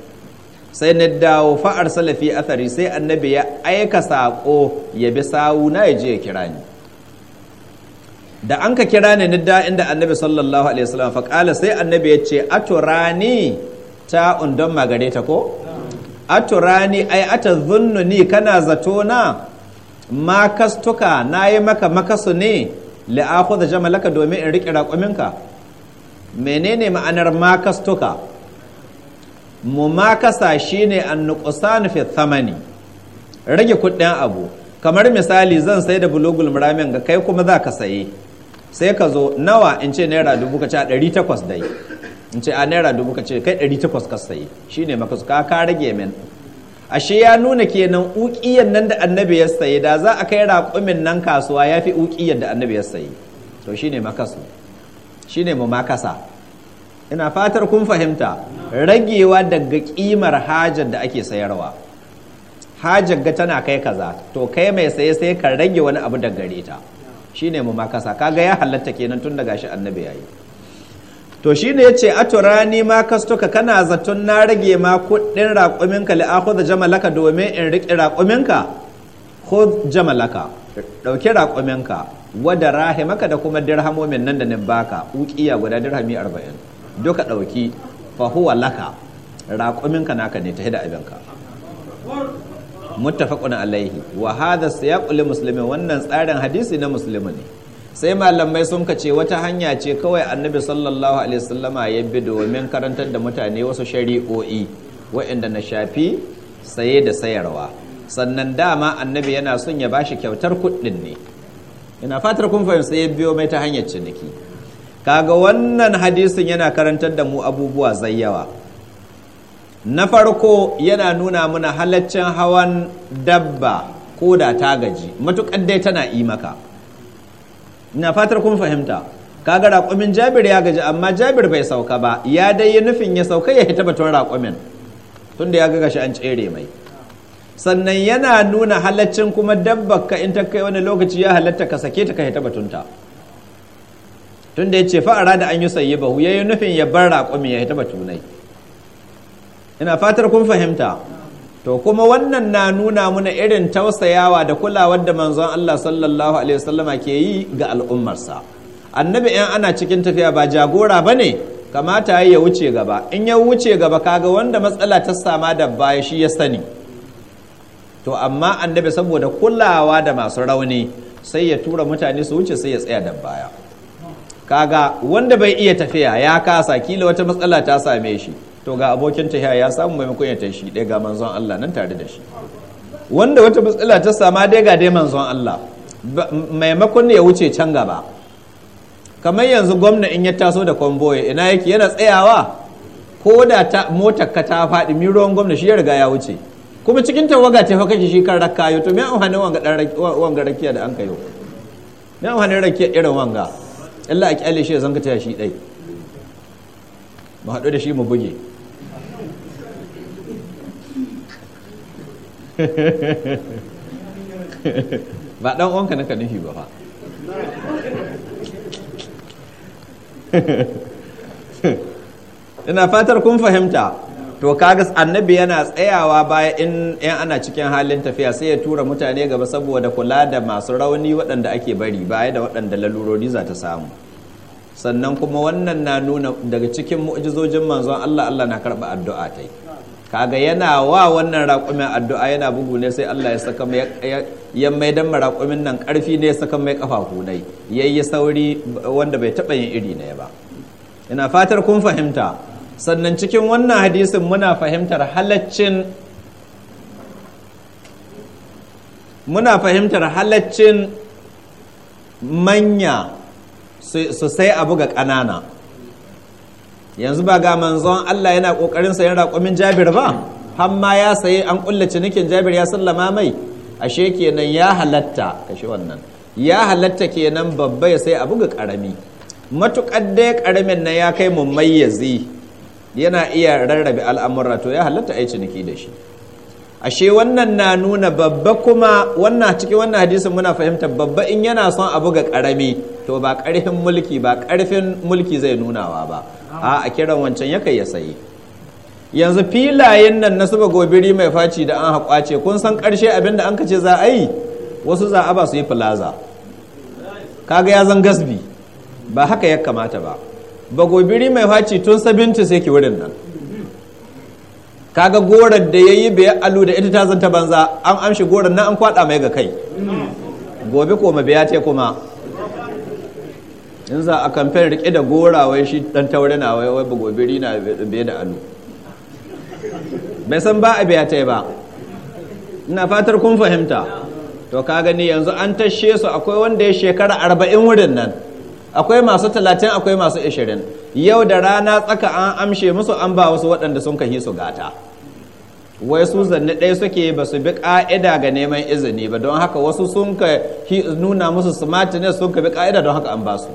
sai na dawo fa'ar salafi athari sai annabi ya aika saƙo ya bi na ya je ya kira ni da an ka kira ni nidda inda annabi sallallahu alaihi wasallam fa qala sai annabi ya ce aturani ta undon magare ta ko aturani ai ata ni kana zato na makastuka na yi maka makasu ne la'akhu da jamalaka domin in riƙe raƙuminka menene ma'anar makastuka mu makasa shine an nuqsan fi thamani rage kuɗin abu kamar misali zan sai da bulogul muramin ga kai kuma za ka saye sai ka zo nawa in ce naira dubu ka ca a ɗari takwas dai in ce a naira dubu ka ce kai ɗari takwas ka sayi shi ne maka su ka rage min ashe ya nuna kenan ukiyan nan da annabi ya sayi da za a kai raƙumin nan kasuwa ya fi ukiyan da annabi ya sayi to shi ne makasu shi ne mu makasa ina fatar kun fahimta ragewa daga ƙimar hajar da ake sayarwa hajar ga tana kai kaza to kai mai saye sai ka rage wani abu daga gare ta shi ne mu makasa kaga ya halatta kenan tun daga shi annabi ya yi to shi ne ce yace aturani ma kastuka kana zaton na rage ma kudin raƙuminka li akhudha jamalaka domin in riƙe raƙuminka khudh jamalaka ɗauki raƙuminka wada rahimaka da kuma dirhamomin nan da baka ukiya guda dirhami arba'in duka ɗauki fa huwa laka raƙuminka naka ne ta da abinka muttafaqun alaihi wa hadha siyaqul muslimin wannan tsarin hadisi na musulmi ne sai malamai sun kace wata hanya ce kawai annabi sallallahu alaihi wasallama ya bi domin karantar da mutane wasu shari'o'i waɗanda na shafi saye da sayarwa sannan dama annabi yana son ya bashi kyautar kuɗin ne ina fatar kun fahimta ya biyo mai ta hanyar ciniki kaga wannan hadisin yana karantar da mu abubuwa zayyawa na farko yana nuna mana halaccin hawan dabba ko da ta gaji matukar dai tana yi maka ina fatar kun fahimta kaga raƙumin jabir ya gaji amma jabir bai sauka ba ya dai yi nufin ya sauka ya hita batun raƙumin tunda ya ga gashi an tsere mai sannan yana nuna halaccin kuma dabba ka in ta kai wani lokaci ya halatta ka sake ta ka hita tun tunda ya ce fa'ara da an yi sayi bahu ya yi nufin ya bar raƙumin ya hita batunai ina fatar kun fahimta to kuma wannan na nuna muna irin tausayawa da kulawar da manzon Allah sallallahu alaihi wasallama ke yi ga al'ummarsa annabi in ana cikin tafiya ba jagora bane kamata ya wuce gaba in ya wuce gaba kaga wanda matsala ta sama da baya shi ya sani to amma annabi saboda kulawa da masu rauni sai ya tura mutane su wuce sai ya tsaya da baya kaga wanda bai iya tafiya ya kasa kila wata matsala ta same shi to ga abokin tahiya ya samu maimakon ya tashi ɗaya ga manzon Allah nan tare da shi wanda wata matsala ta sama dai ga dai manzon Allah maimakon ya wuce can gaba kamar yanzu gwamna in ya taso da kwamboye ina yake yana tsayawa ko da ta motar ka ta faɗi miruwan gwamna shi ya riga ya wuce kuma cikin tawaga ce fa kake shi kan rakkayo to me amfanin wanga dan wanga rakiya da an kayo me amfanin rakiya irin wanga Allah a kyale shi ya zanka ta shi dai mu haɗu da shi mu buge ba dan uwanka naka nufi ba fa ina fatar kun fahimta to kaga annabi yana tsayawa baya in yan ana cikin halin tafiya sai ya tura mutane gaba saboda kula da masu rauni waɗanda ake bari baya da waɗanda lalurori za ta samu sannan kuma wannan na nuna daga cikin mu'jizojin manzon Allah Allah na karɓa addu'a ta yi kaga yana wa wannan raƙumin addu'a yana bugu ne sai Allah ya saka mai ya mai dan raƙumin nan ƙarfi ne ya saka mai kafafu dai yayi sauri wanda bai taba yin iri ne ba ina fatar kun fahimta sannan cikin wannan hadisin muna fahimtar halaccin muna fahimtar halaccin manya su sai abu ga ƙanana yanzu ba ga manzon Allah yana kokarin sayan raƙumin Jabir ba hamma ya sayi an kulla cinikin Jabir ya sallama mai ashe kenan ya halatta kashe wannan ya halatta kenan babba ya sai abu ga karami matukar dai karamin nan ya kai mumayyazi yana iya rarrabe al'amura to ya halatta ai ciniki da shi ashe wannan na nuna babba kuma wannan cikin wannan hadisin muna fahimta babba in yana son abu ga karami to ba karfin mulki ba karfin mulki zai nunawa ba a a kiran wancan ya kai ya sayi yanzu filayen nan na saba gobiri mai faci da an haƙwace kun san ƙarshe abinda da an kace za a yi wasu za a ba su yi plaza kaga ya zan gasbi ba haka ya kamata ba ba gobiri mai faci tun sabinci sai ke wurin nan kaga gorar da ya yi bai alu da ita ta ta banza an amshi gorar na an kwaɗa mai ga kai gobe koma biya te kuma in za a kamfen rike da gorawai shi dan taure na wai wai na biye da alu bai san ba a biya ta ba ina fatar kun fahimta to ka gani yanzu an tashe su akwai wanda ya shekara arba'in wurin nan akwai masu talatin akwai masu ashirin yau da rana tsaka an amshe musu an ba wasu waɗanda sun kahi su gata wai su zanne ɗaya suke ba su bi ƙa'ida ga neman izini ba don haka wasu sun ka nuna musu smartness sun ka bi ƙa'ida don haka an ba su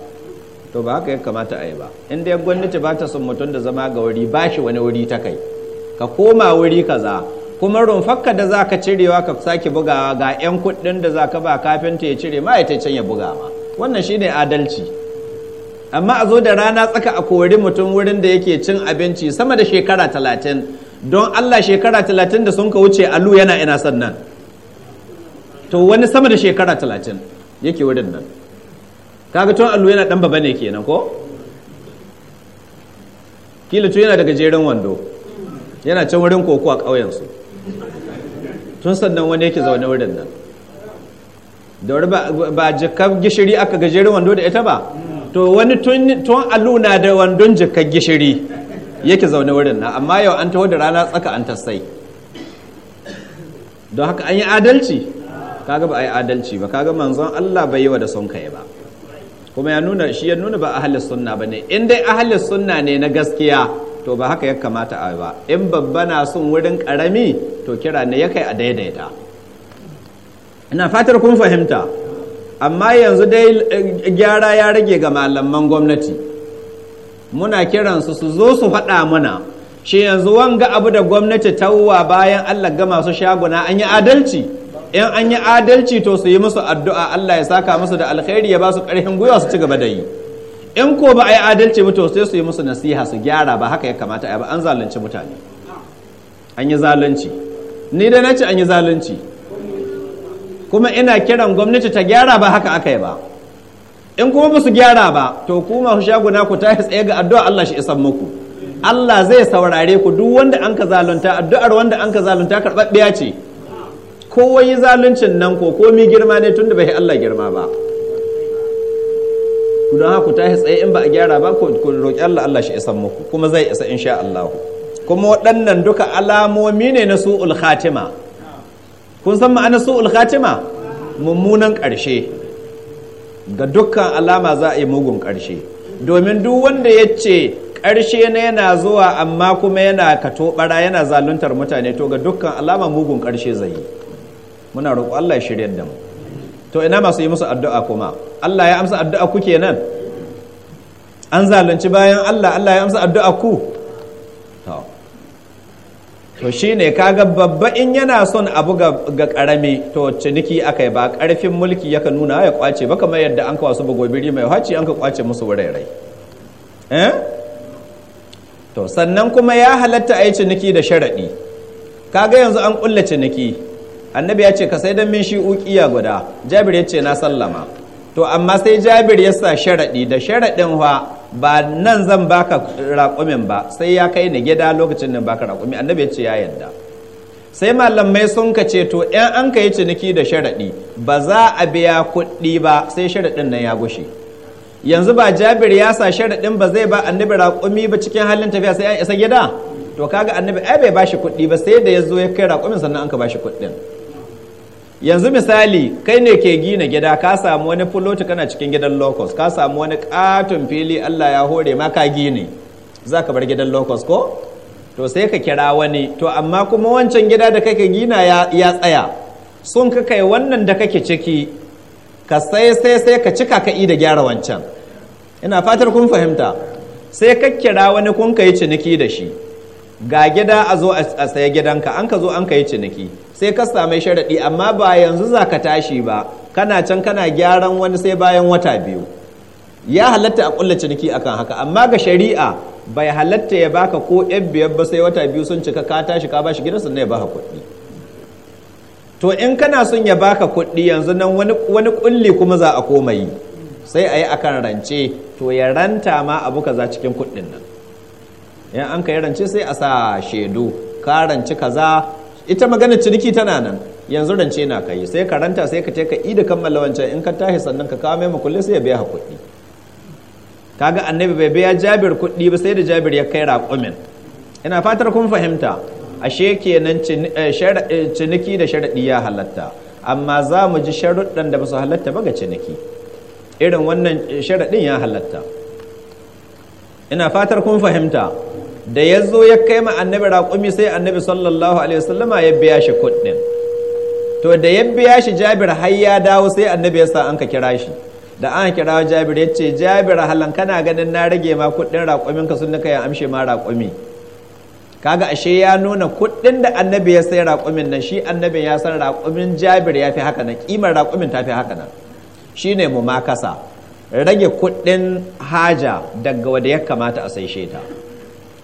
to ba haka ya kamata a yi ba in dai gwamnati ba ta son mutum da zama ga wuri ba shi wani wuri ta kai ka koma wuri kaza kuma rumfakka da za ka cirewa ka sake bugawa ga 'yan kuɗin da za ka ba kafinta ya cire ma ya can ya buga ma wannan shine adalci amma a zo da rana tsaka a kori mutum wurin da yake cin abinci sama da shekara talatin don allah shekara talatin da sun ka wuce alu yana ina sannan to wani sama da shekara talatin yake wurin nan kaga tun allo yana dan baba ne kenan ko kila tun yana daga jerin wando yana can wurin koko a ƙauyensu tun sannan wani yake zaune wurin nan da ba jika gishiri aka gajeren wando da ita ba to wani tun allo na da wandon jikar gishiri yake zaune wurin nan amma yau an taho da rana tsaka an tasai don haka an yi adalci kaga ba a yi adalci ba kaga manzon Allah bai yi wa da son kai ba kuma ya nuna shi ya nuna ba ahalis sunna ba ne in dai ahalis sunna ne na gaskiya to ba haka ya kamata a ba in babba na son wurin karami to kira ne ya kai a daidaita ina fatar kun fahimta amma yanzu dai eh, gyara ya rage ga malaman gwamnati muna kiransu su zo su faɗa mana shi yanzu wanga abu da gwamnati tawwa bayan allah ga masu shaguna an yi adalci in an yi adalci to su yi musu addu'a Allah ya saka musu da alkhairi ya ba su ƙarfin gwiwa su ci gaba da yi in ko ba a yi adalci ba to sai su yi musu nasiha su gyara ba haka ya kamata a ba an zalunci mutane an yi zalunci ni da na ce an yi zalunci kuma ina kiran gwamnati ta gyara ba haka aka yi ba in kuma ba su gyara ba to ku masu shaguna ku yi tsaye ga addu'a Allah shi isan muku Allah zai saurare ku duk wanda an ka zalunta addu'ar wanda an ka zalunta karɓaɓɓiya ce kowa yi zaluncin nan ko komi girma ne tunda bai Allah girma ba ku don haka ta tsaye in ba a gyara ba ku roƙi Allah Allah shi isa muku kuma zai isa in sha Allah kuma waɗannan duka alamomi ne na su'ul khatima kun san ma'ana su'ul khatima mummunan ƙarshe ga dukkan alama za a yi mugun ƙarshe domin duk wanda ya ce ƙarshe na yana zuwa amma kuma yana katobara yana zaluntar mutane to ga dukkan alama mugun ƙarshe zai yi muna roƙo Allah ya shiryar da mu to ina masu yi musu addu'a kuma Allah ya amsa addu'a ku kenan an zalunci bayan Allah Allah ya amsa addu'a ku to shine kaga babba in yana son abu ga karami to ciniki akai ba karfin mulki yaka nuna ya kwace ba kamar yadda an kawo su bagobiri mai haci an ka kwace musu wurare eh to sannan kuma ya halatta a yi ciniki da sharaɗi kaga yanzu an ƙulla ciniki annabi ya ce ka sai don min shi ukiya guda jabir ya ce na sallama to amma sai jabir ya sa sharaɗi da sharaɗin fa ba nan zan baka raƙumin ba sai ya kai ni gida lokacin nan baka raƙumi annabi ya ce ya yadda sai malamai sun ka ce to ɗan an ka yi ciniki da sharaɗi ba za a biya kuɗi ba sai sharaɗin nan ya gushe yanzu ba jabir ya sa sharaɗin ba zai ba annabi raƙumi ba cikin halin tafiya sai ya isa gida to kaga annabi ai bai bashi kuɗi ba sai da ya zo ya kai raƙumin sannan an ka bashi kuɗin yanzu misali kai ne ke gina gida ka samu wani fuloti kana cikin gidan locust ka samu wani katon fili allah ya hore ma ka gini za ka bar gidan locust ko to sai ka kira wani to amma kuma wancan gida da kake gina ya tsaya sun ka kai wannan da kake ciki ka sai sai sai ka cika ka da gyara wancan ina fatar kun fahimta sai ka kira wani kun ka yi ciniki da shi ga gida a zo a saya gidanka an ka zo an ka yi ciniki sai ka same sharaɗi amma ba yanzu za ka tashi ba kana can kana gyaran wani sai bayan wata biyu ya halatta a ƙulla ciniki akan haka amma ga shari'a bai halatta ya baka ko yan biyar ba sai wata biyu sun cika ka tashi ka bashi gidan sannan ya baka kuɗi to in kana son ya baka kuɗi yanzu nan wani ƙulli kuma za a koma sai a yi akan rance to ya ranta ma abu kaza cikin kuɗin nan yan an ka rance sai a sa shaidu ka kaza ita magana ciniki tana nan yanzu rance na kai sai ka ranta sai ka teka ida kammala wancan in ka tashi sannan ka kawo mai makulle sai ya biya kuɗi kaga annabi bai biya jabir kuɗi ba sai da jabir ya kai raƙumin ina fatar kun fahimta ashe kenan eh, eh, ciniki da sharaɗi ya halatta amma za mu ji sharuɗɗan da ba su halatta ba ga ciniki irin wannan eh, sharaɗin ya halatta ina fatar kun fahimta da ya zo ya kai ma annabi raƙumi sai annabi sallallahu alaihi wasallama ya biya shi kuɗin to da ya biya shi jabir har ya dawo sai annabi ya sa an ka kira shi da an kira jabir ya ce jabir halan kana ganin na rage ma kuɗin raƙumin ka sun ya amshe ma raƙumi kaga ashe ya nuna kuɗin da annabi ya sai raƙumin nan shi annabi ya san raƙumin jabir ya fi haka na ƙimar raƙumin ta fi haka nan ne mu makasa rage kuɗin haja daga wanda ya kamata a sai sheta ta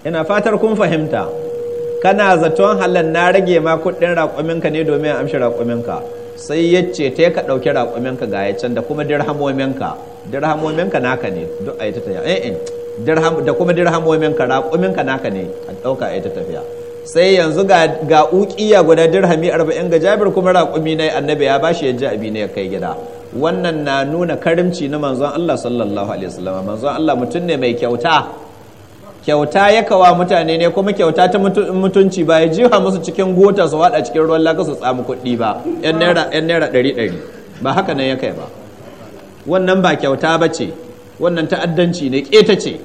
ina fatar kun fahimta kana zaton halan na rage ma kuɗin raƙuminka ne domin amshi raƙuminka sai ya ce ta ka ɗauki raƙuminka ga ya da kuma dirhamominka dirhamominka naka ne duk a yi ta tafiya eh, eh. da kuma dirhamominka raƙuminka naka ne a ɗauka a yi ta tafiya sai yanzu ga ukiya guda dirhami arba'in ga jabir kuma raƙumi na annabi ya bashi ya ji abi ne ya kai gida wannan na nuna karimci na manzon Allah sallallahu alaihi wasallam manzon Allah mutum ne mai kyauta kyauta ya kawa mutane ne kuma kyauta ta mutunci ba ya jiwa musu cikin gota su wada cikin ruwan laka su tsamu kuɗi ba yan naira ɗari ɗari ba haka nan ya kai ba wannan ba kyauta ba ce wannan ta'addanci ne keta ce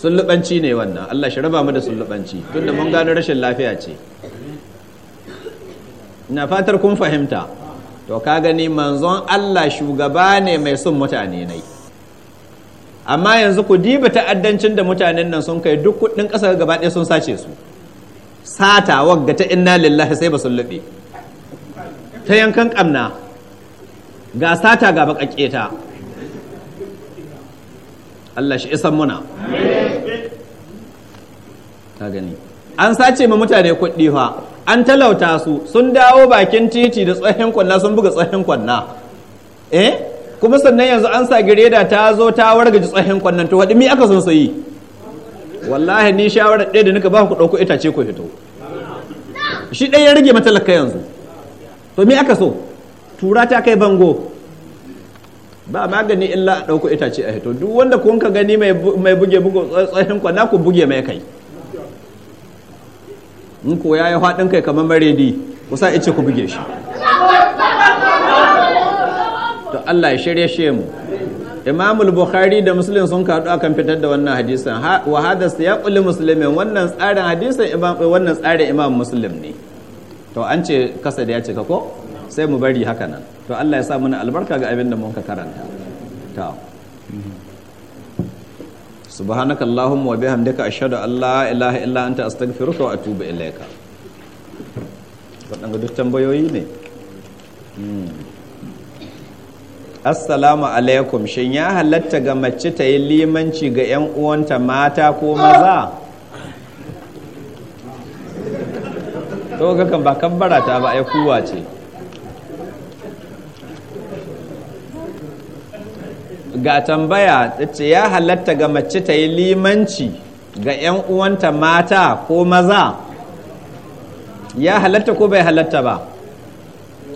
sullubanci ne wannan Allah shi raba mu da sullubanci tunda mun gano rashin lafiya ce na fatar kun fahimta to ka gani manzon Allah shugaba ne mai son mutane nai amma yanzu ku diba ta'addancin da mutanen nan sun kai duk kuɗin kasar gaba ɗaya sun sace su sata wagga ta inna lillahi sai ba sun lube ta yankan ƙamna ga sata ga baƙaƙe ta Allah shi isan muna ta gani an sace ma mutane kuɗi fa an talauta su sun dawo bakin titi da tsohon kwanna sun buga tsohon kwanna eh kuma sannan yanzu an sa gireda ta zo ta wargaji tsohon kwanan to waɗi mi aka sun sayi wallahi ni shawarar ɗaya da nika ba ku ɗauko itace ko fito shi ɗaya ya rage matalaka yanzu to mi aka so tura ta kai bango ba magani illa a ɗauko itace a fito duk wanda kun ka gani mai buge bugo tsohon kwanna ku buge mai kai in ko ya yi haɗin kai kamar maredi kusa ice ku buge shi to Allah ya shirye shi mu imamul bukhari da muslim sun kaɗu akan fitar da wannan hadisan wa ya siyaqul muslimin wannan tsarin hadisan imam wannan tsarin imam muslim ne to an ce kasa da ya cika ko sai mu bari haka nan to Allah ya sa mana albarka ga abin da mun ka karanta to subhanaka allahumma wa bihamdika ashhadu an la ilaha illa anta astaghfiruka wa atubu ilaika waɗanda ne hmm. assalamu alaikum shin ya halatta ga mace ta yi limanci ga 'yan uwanta mata ko maza to kan ba kabbara ta ba ai kuwa ce ga tambaya ce ya halatta ga mace ta yi limanci ga 'yan uwanta mata ko maza ya halatta ko bai halatta ba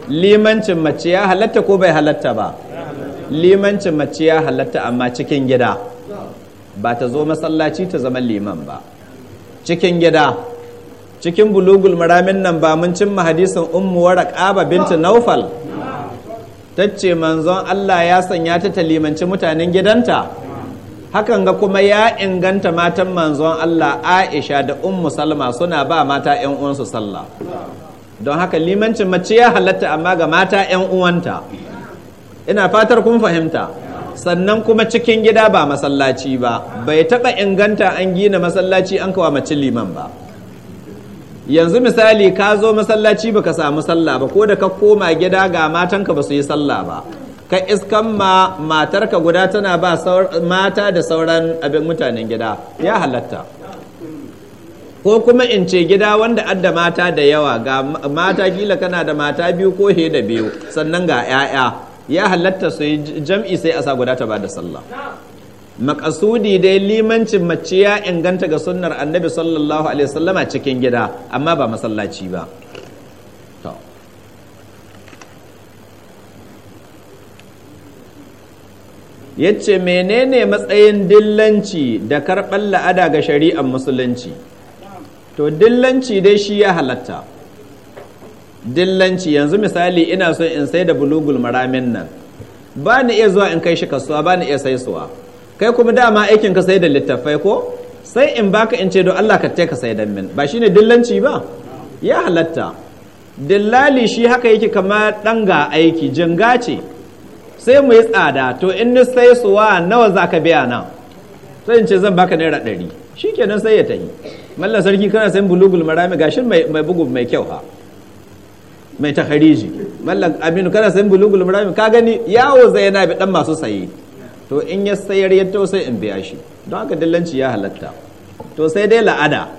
limancin mace ya halatta ko bai halatta ba limancin mace ya halatta amma cikin gida ba ta zo masallaci ta zama liman ba cikin gida cikin bulugul maramin nan ba mun cimma hadisin ummu aba binti naufal ta ce manzon Allah ya sanya ta ta limanci mutanen gidanta hakan ga kuma ya inganta matan manzon Allah Aisha da ummu Salma suna ba mata 'yan uwansu sallah don haka limancin mace ya halatta amma ga mata 'yan uwanta ina fatar kun fahimta sannan kuma cikin gida ba masallaci ba bai taɓa inganta an gina masallaci an kawa mace liman ba yanzu misali ka zo masallaci baka samu sallah ba ko da ka koma gida ga matanka ba su yi sallah ba ka iskan ma matarka guda tana ba mata da sauran abin mutanen gida ya halatta ko kuma in ce gida wanda adda mata da yawa ga mata kila kana da mata biyu ko he da biyu sannan ga 'ya'ya ya halatta su yi jam'i sai a sa guda ta ba da sallah makasudi dai limancin mace ya inganta ga sunnar annabi sallallahu alaihi wasallama cikin gida amma ba masallaci ba yace menene matsayin dillanci da karɓar la'ada ga shari'ar musulunci to dillanci dai shi ya halatta dillanci yanzu misali ina so in sai da bulugul maramin nan ba ni iya zuwa in kai shi kasuwa ba ni iya sai suwa kai kuma dama aikin ka sai da littafai ko sai in baka in ce don Allah ka ka sai dan min ba shine dillanci ba ya halatta dillali shi haka yake kama danga aiki jinga ce sai mu yi tsada to in ni sai suwa nawa za ka biya na sai in ce zan baka naira ɗari shikenan sai ya tafi mallan sarki kana sayan bulugul marami gashin mai bugu mai kyau ha mai takhariji mallan aminu kana sayin bulugul murami ka gani yawo zai yana bi dan masu saye to in ya sayar ya to sai in biya shi don haka dillanci ya halatta to sai dai la'ada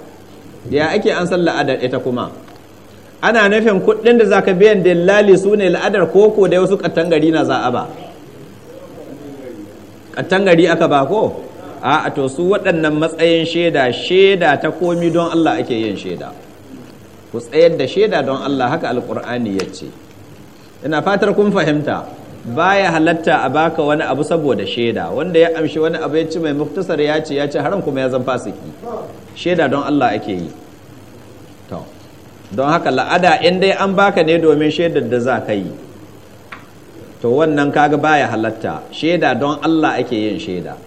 ya ake an san la'adar ita kuma ana nufin kuɗin da zaka biyan dillali su ne la'adar koko da wasu kattangari na za'a a ba kattangari aka ba ko a to su waɗannan matsayin shaida shaida ta komi don Allah ake yin shaida ku tsayar da shaida don Allah haka alkur'ani ya ce ina fatar kun fahimta baya halatta a baka wani abu saboda shaida wanda ya amshi wani abu ya ci mai muftasar ya ce ya ce haram kuma ya zan fasiki shaida don Allah ake yi to don haka la'ada in dai an baka ne domin shaidar da za ka yi to wannan kaga baya halatta shaida don Allah ake yin shaida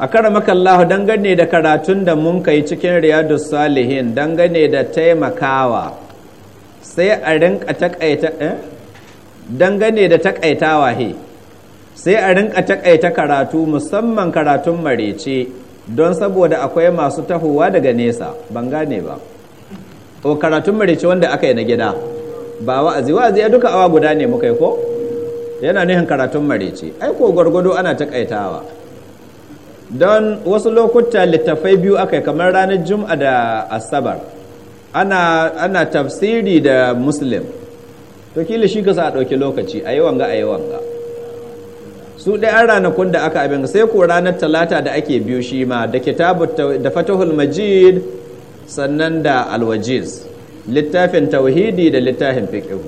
a karamaka Allah dangane da karatun da mun kai cikin riyadu salihin dangane da taimakawa sai a rinka takaita eh? dangane da takaitawa he sai a rinka takaita karatu musamman karatun marece don saboda akwai masu tahowa daga nesa ban gane ba o karatun marece wanda aka yi na gida ba wa'azi wa'azi ya duka awa guda ne muka yi ko yana nuhin karatun marece ai ko gwargwado ana takaitawa don wasu lokuta littafai biyu aka yi kamar ranar jum'a da asabar ana, ana tafsiri da muslim to kila shi ka sa a ɗauki lokaci a yi wanga a yi wanga su ɗaya an ranakun da aka abin sai ko ranar talata da ake biyu shi ma da kitabu da fatahul majid sannan da alwajiz littafin tauhidi da littafin fiqhu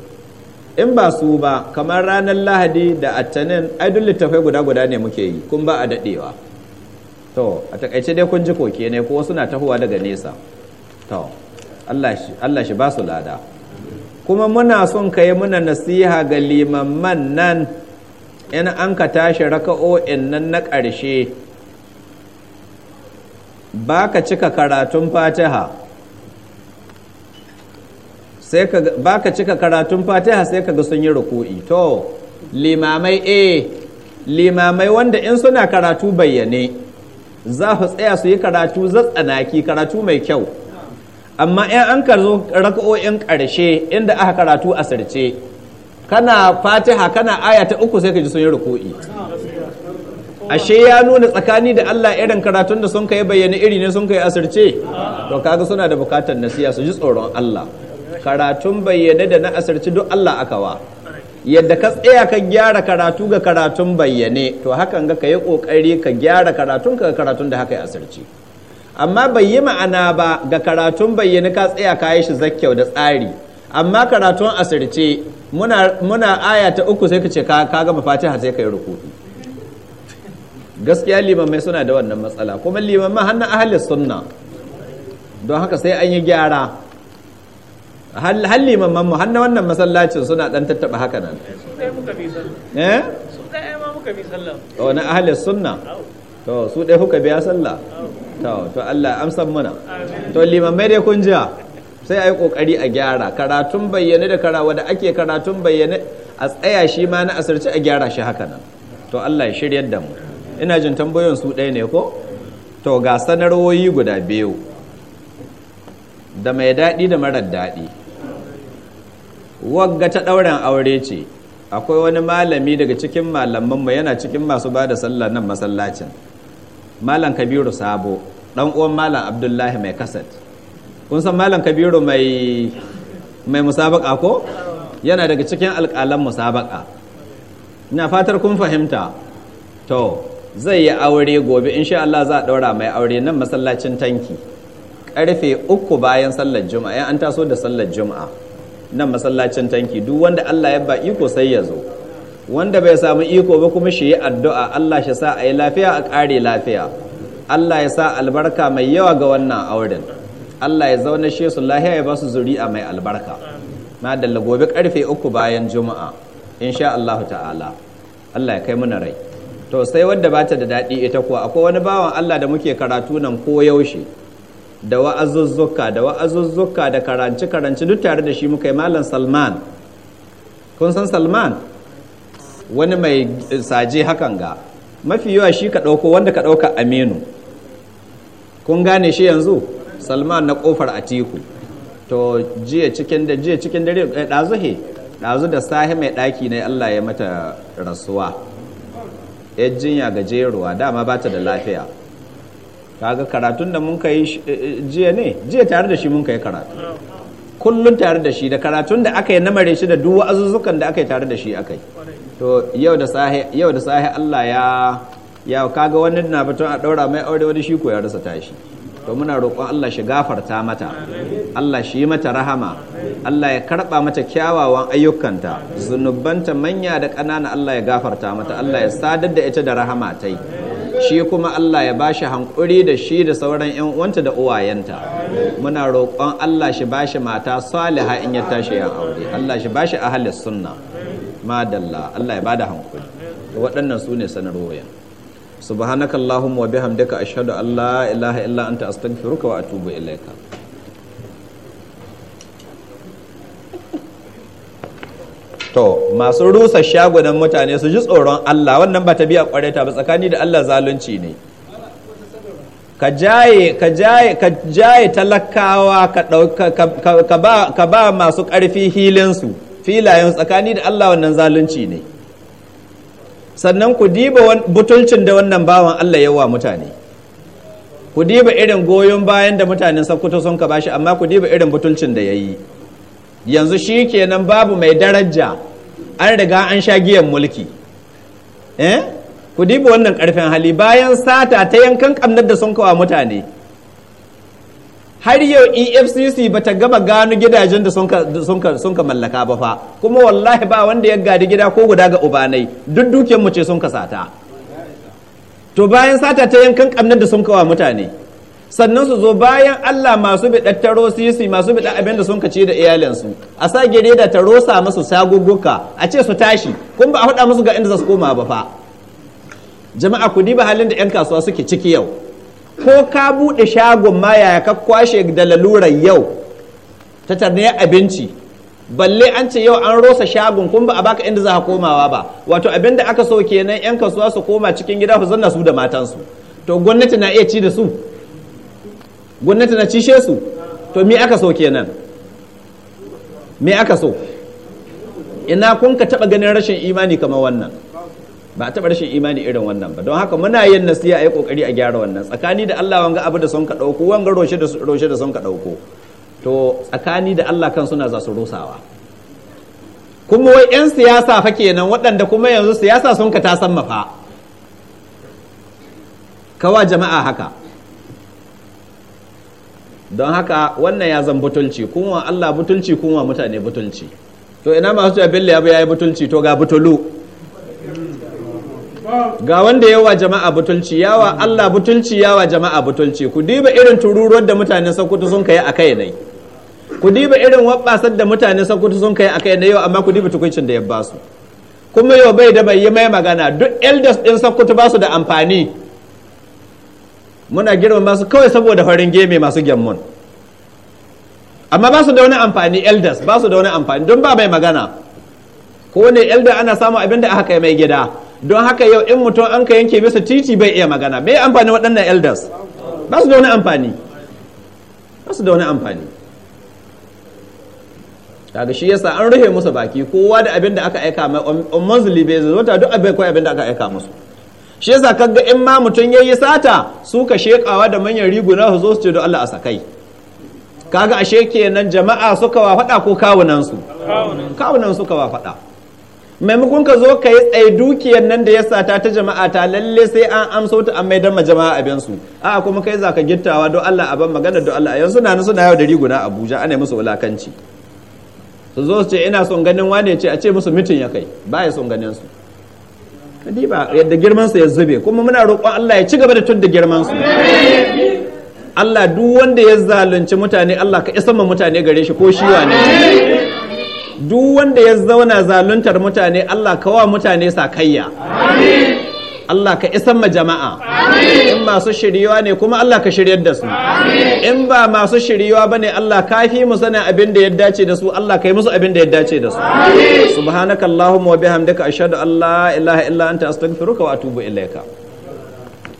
in ba su ba kamar ranar lahadi da attanin ai duk littafai guda guda ne muke yi kun ba a daɗewa to a takaice dai kun ji koke ne ko suna tahowa daga nesa to Allah shi ba su lada kuma muna son ka yi muna nasiha ga limamman nan in an ka tashi raka'o'in nan na ƙarshe ba ka cika karatun fatiha sai ba ka cika karatun fatiha sai ka ga sun yi ruku'i to limamai A eh, limamai wanda in suna karatu bayyane za su tsaya su yi karatu zatsanaki karatu mai kyau amma in an ka zo raka'o'in ƙarshe inda aka karatu a sarce kana fatiha kana aya ta uku sai ka ji sun yi ruku'i ashe ya nuna tsakani da Allah irin karatun da sun kai bayyana iri ne sun kai asirce to kaga suna da bukatar nasiya su ji tsoron Allah karatun bayyane da na asirce duk Allah akawa yadda ka tsaya ka gyara karatu ga karatun bayyane to hakan ga ka yi ƙoƙari ka gyara karatun ka karatun da haka ya asirci amma bai yi ma'ana ba ga karatun bayyane ka tsaya ka yi shi zakkyau da tsari amma karatun asirce muna, muna aya ta uku sai ka ce ka gama fatiha sai ka yi rukuɗi gaskiya limamai suna da wannan matsala kuma limamai hannun ahalin sunna don haka sai an yi gyara hal liman mu har wannan masallacin suna dan tattaba haka nan
eh su ɗaya ma muka bi sallah
wani ahalin sunna to su ɗaya kuka biya sallah to to Allah amsan muna to liman mai dai kun jiya sai a yi ƙoƙari a gyara karatun bayyane da karawa da ake karatun bayyane a tsaya shi ma na asirci a gyara shi haka nan to Allah ya shiryar da mu ina jin tambayoyin su ɗaya ne ko to ga sanarwoyi guda biyu da mai daɗi da marar daɗi wagga ta ɗauren aure ce akwai wani malami daga cikin malamanmu yana cikin masu ba da sallah nan masallacin malam kabiru sabo ɗan uwan malam abdullahi mai kasat kun san malam kabiru mai mai musabaka ko yana daga cikin alƙalan musabaka na fatar kun fahimta to zai yi aure gobe in sha Allah za a ɗaura mai aure nan masallacin tanki ƙarfe uku bayan sallar juma'a an taso da sallar juma'a nan masallacin tanki duk wanda Allah ya ba iko sai ya zo wanda bai samu iko ba kuma shi yi addu'a Allah shi sa a yi lafiya a ƙare lafiya Allah ya sa albarka mai yawa ga wannan auren Allah ya zauna shi su lahiya ya ba su zuri'a mai albarka na dalla gobe karfe uku bayan juma'a insha Allah ta'ala Allah ya kai mana rai to sai wadda bata da daɗi ita kuwa akwai wani bawan Allah da muke karatu nan ko yaushe da wa'azuzzuka da wa'azuzzuka da karance karance duk tare da shi muka yi malam salman kun san salman wani mai saje hakan ga mafi yawa shi ka ɗauko wanda ka ɗauka aminu kun gane shi yanzu salman na ƙofar atiku to jiya cikin da jiya cikin dare eh, ɗazu he ɗazu da sahi mai ɗaki ne allah ya mata rasuwa ya jinya gajeruwa dama ba ta da lafiya kaga karatun da mun kai eh, eh, jiya ne jiya tare da shi mun kai karatu kullun tare da shi da karatun da aka yi na mare shi da duk azuzukan da aka yi tare da shi aka yi to yau da sahi yau da sahi Allah ya ya kaga wani na batun a daura mai aure wani shi ko ya rasa tashi to muna roƙon Allah shi gafarta mata Allah shi mata rahama Allah ya karɓa mata kyawawan ayyukanta zunubanta manya da ƙanana Allah ya gafarta mata Allah ya sadar da ita da rahama tai shi kuma Allah ya ba shi hankuri da shi da sauran yan uwanta da uwayenta muna roƙon Allah shi bashi mata saliha in ya tashi 'yan aure Allah shi bashi ahalis sunna madalla Allah ya bada hankuri waɗannan su ne sanarwoyin subhanakallahumma wa bihamdika ashhadu an la ilaha illa anta astaghfiruka wa atubu ilaika to masu rusa shagunan mutane su ji tsoron Allah wannan ba ta biya kware ta ba tsakani da Allah zalunci ne ka jaye ka jaye ka jaye talakawa ka ka ba ka ba masu ƙarfi hilinsu filayen tsakani da Allah wannan zalunci ne sannan ku diba butulcin da wannan bawan Allah yawa mutane ku diba irin goyon bayan da mutanen sakkuto sun ka bashi amma ku diba irin butulcin da yayi yanzu shi kenan babu mai daraja an riga an sha giyan mulki eh ku diba wannan karfin hali bayan sata ta yankan kamnar da sun kawa mutane har yau efcc ba ta gaba gano gidajen da sun ka mallaka ba fa kuma wallahi ba wanda ya gadi gida ko guda ga ubanai duk dukiyar mu ce sun ka sata to bayan sata ta yankan kamnar da sun kawa mutane sannan su zo bayan Allah masu biɗa taro sisi masu biɗa abin da sun kace da su a sa gere da taro sa musu sagugguka a ce su tashi kun ba a faɗa musu ga inda za su koma ba fa jama'a ku diba halin da 'yan kasuwa suke ciki yau ko ka buɗe shagon ma yaya ka kwashe da lalurar yau ta tarniyar abinci balle an ce yau an rosa shagon kun ba a baka inda za a komawa ba wato abin da aka so kenan yan kasuwa su koma cikin gida su zanna su da matansu to gwamnati na iya ci da su gwamnati na cishe su to me aka so kenan me aka so ina kun ka taɓa ganin rashin imani kamar wannan ba a taɓa rashin imani irin wannan ba don haka muna yin nasiya a yi ƙoƙari a gyara wannan tsakani da Allah wanga abu da son ka ɗauko wanga roshe da roshe da son ka ɗauko to tsakani da Allah kan suna za su rusawa kuma wai 'yan siyasa fa kenan waɗanda kuma yanzu siyasa sun ka ta samma fa kawa jama'a haka don haka wannan ya zan butulci kuma Allah butulci kuma mutane butulci to ina masu ya bello ya yi butulci to ga butulu ga wanda yawa jama'a butulci yawa Allah butulci yawa jama'a butulci ku diba irin tururuwar da mutane Sokoto sun kai akai ne ku diba irin wabbasar da mutane Sokoto sun kai akai ne yau amma ku diba tukuncin da ya basu kuma yau bai da bai yi mai magana duk elders din Sokoto basu da amfani muna girmama su kawai saboda farin geme masu gyammon amma ba su da wani amfani elders ba su da wani amfani don ba mai magana ko ne elder ana samun abin da aka kai mai gida don haka yau in mutum an ka yanke bisa titi bai iya magana bai amfani waɗannan elders ba su da wani amfani ba su da wani amfani daga shi yasa an rufe musu baki kowa da abin da aka aika mai on um, um, monthly zuwa wata duk abin da aka aika musu shi yasa kaga in ma mutum ya yi sata suka shekawa da manyan riguna su zo su ce da Allah a sakai kaga ashe kenan jama'a suka wa fada ko kawunan su kawunan suka wa fada maimakon ka zo ka yi tsaye dukiyar nan da ya sata ta jama'a ta lalle sai an amso ta an maidan ma jama'a abin su a kuma kai za ka gittawa don Allah a ban magana don Allah yanzu na nan suna yau da riguna Abuja ana musu wulakanci su zo su ce ina son ganin wane ce a ce musu mitin ya kai ba ya son ganin su kadi ba yadda girmansa ya zube kuma muna roƙon Allah ya ci gaba da girman su Allah duk wanda ya zalunci mutane Allah ka isa ma mutane gare shi ko shi wane duk wanda ya zauna zaluntar mutane Allah ka wa mutane sakayya amin Allah ka isan ma jama'a in masu shiryuwa ne kuma Allah ka shiryar da su in ba masu shiryuwa ba ne Allah ka fi mu sanin abin da ya dace da su Allah ka yi musu abin da ya dace da su subhanakallahumma wa bihamdika ashhadu an la ilaha illa anta astaghfiruka wa atubu ilayka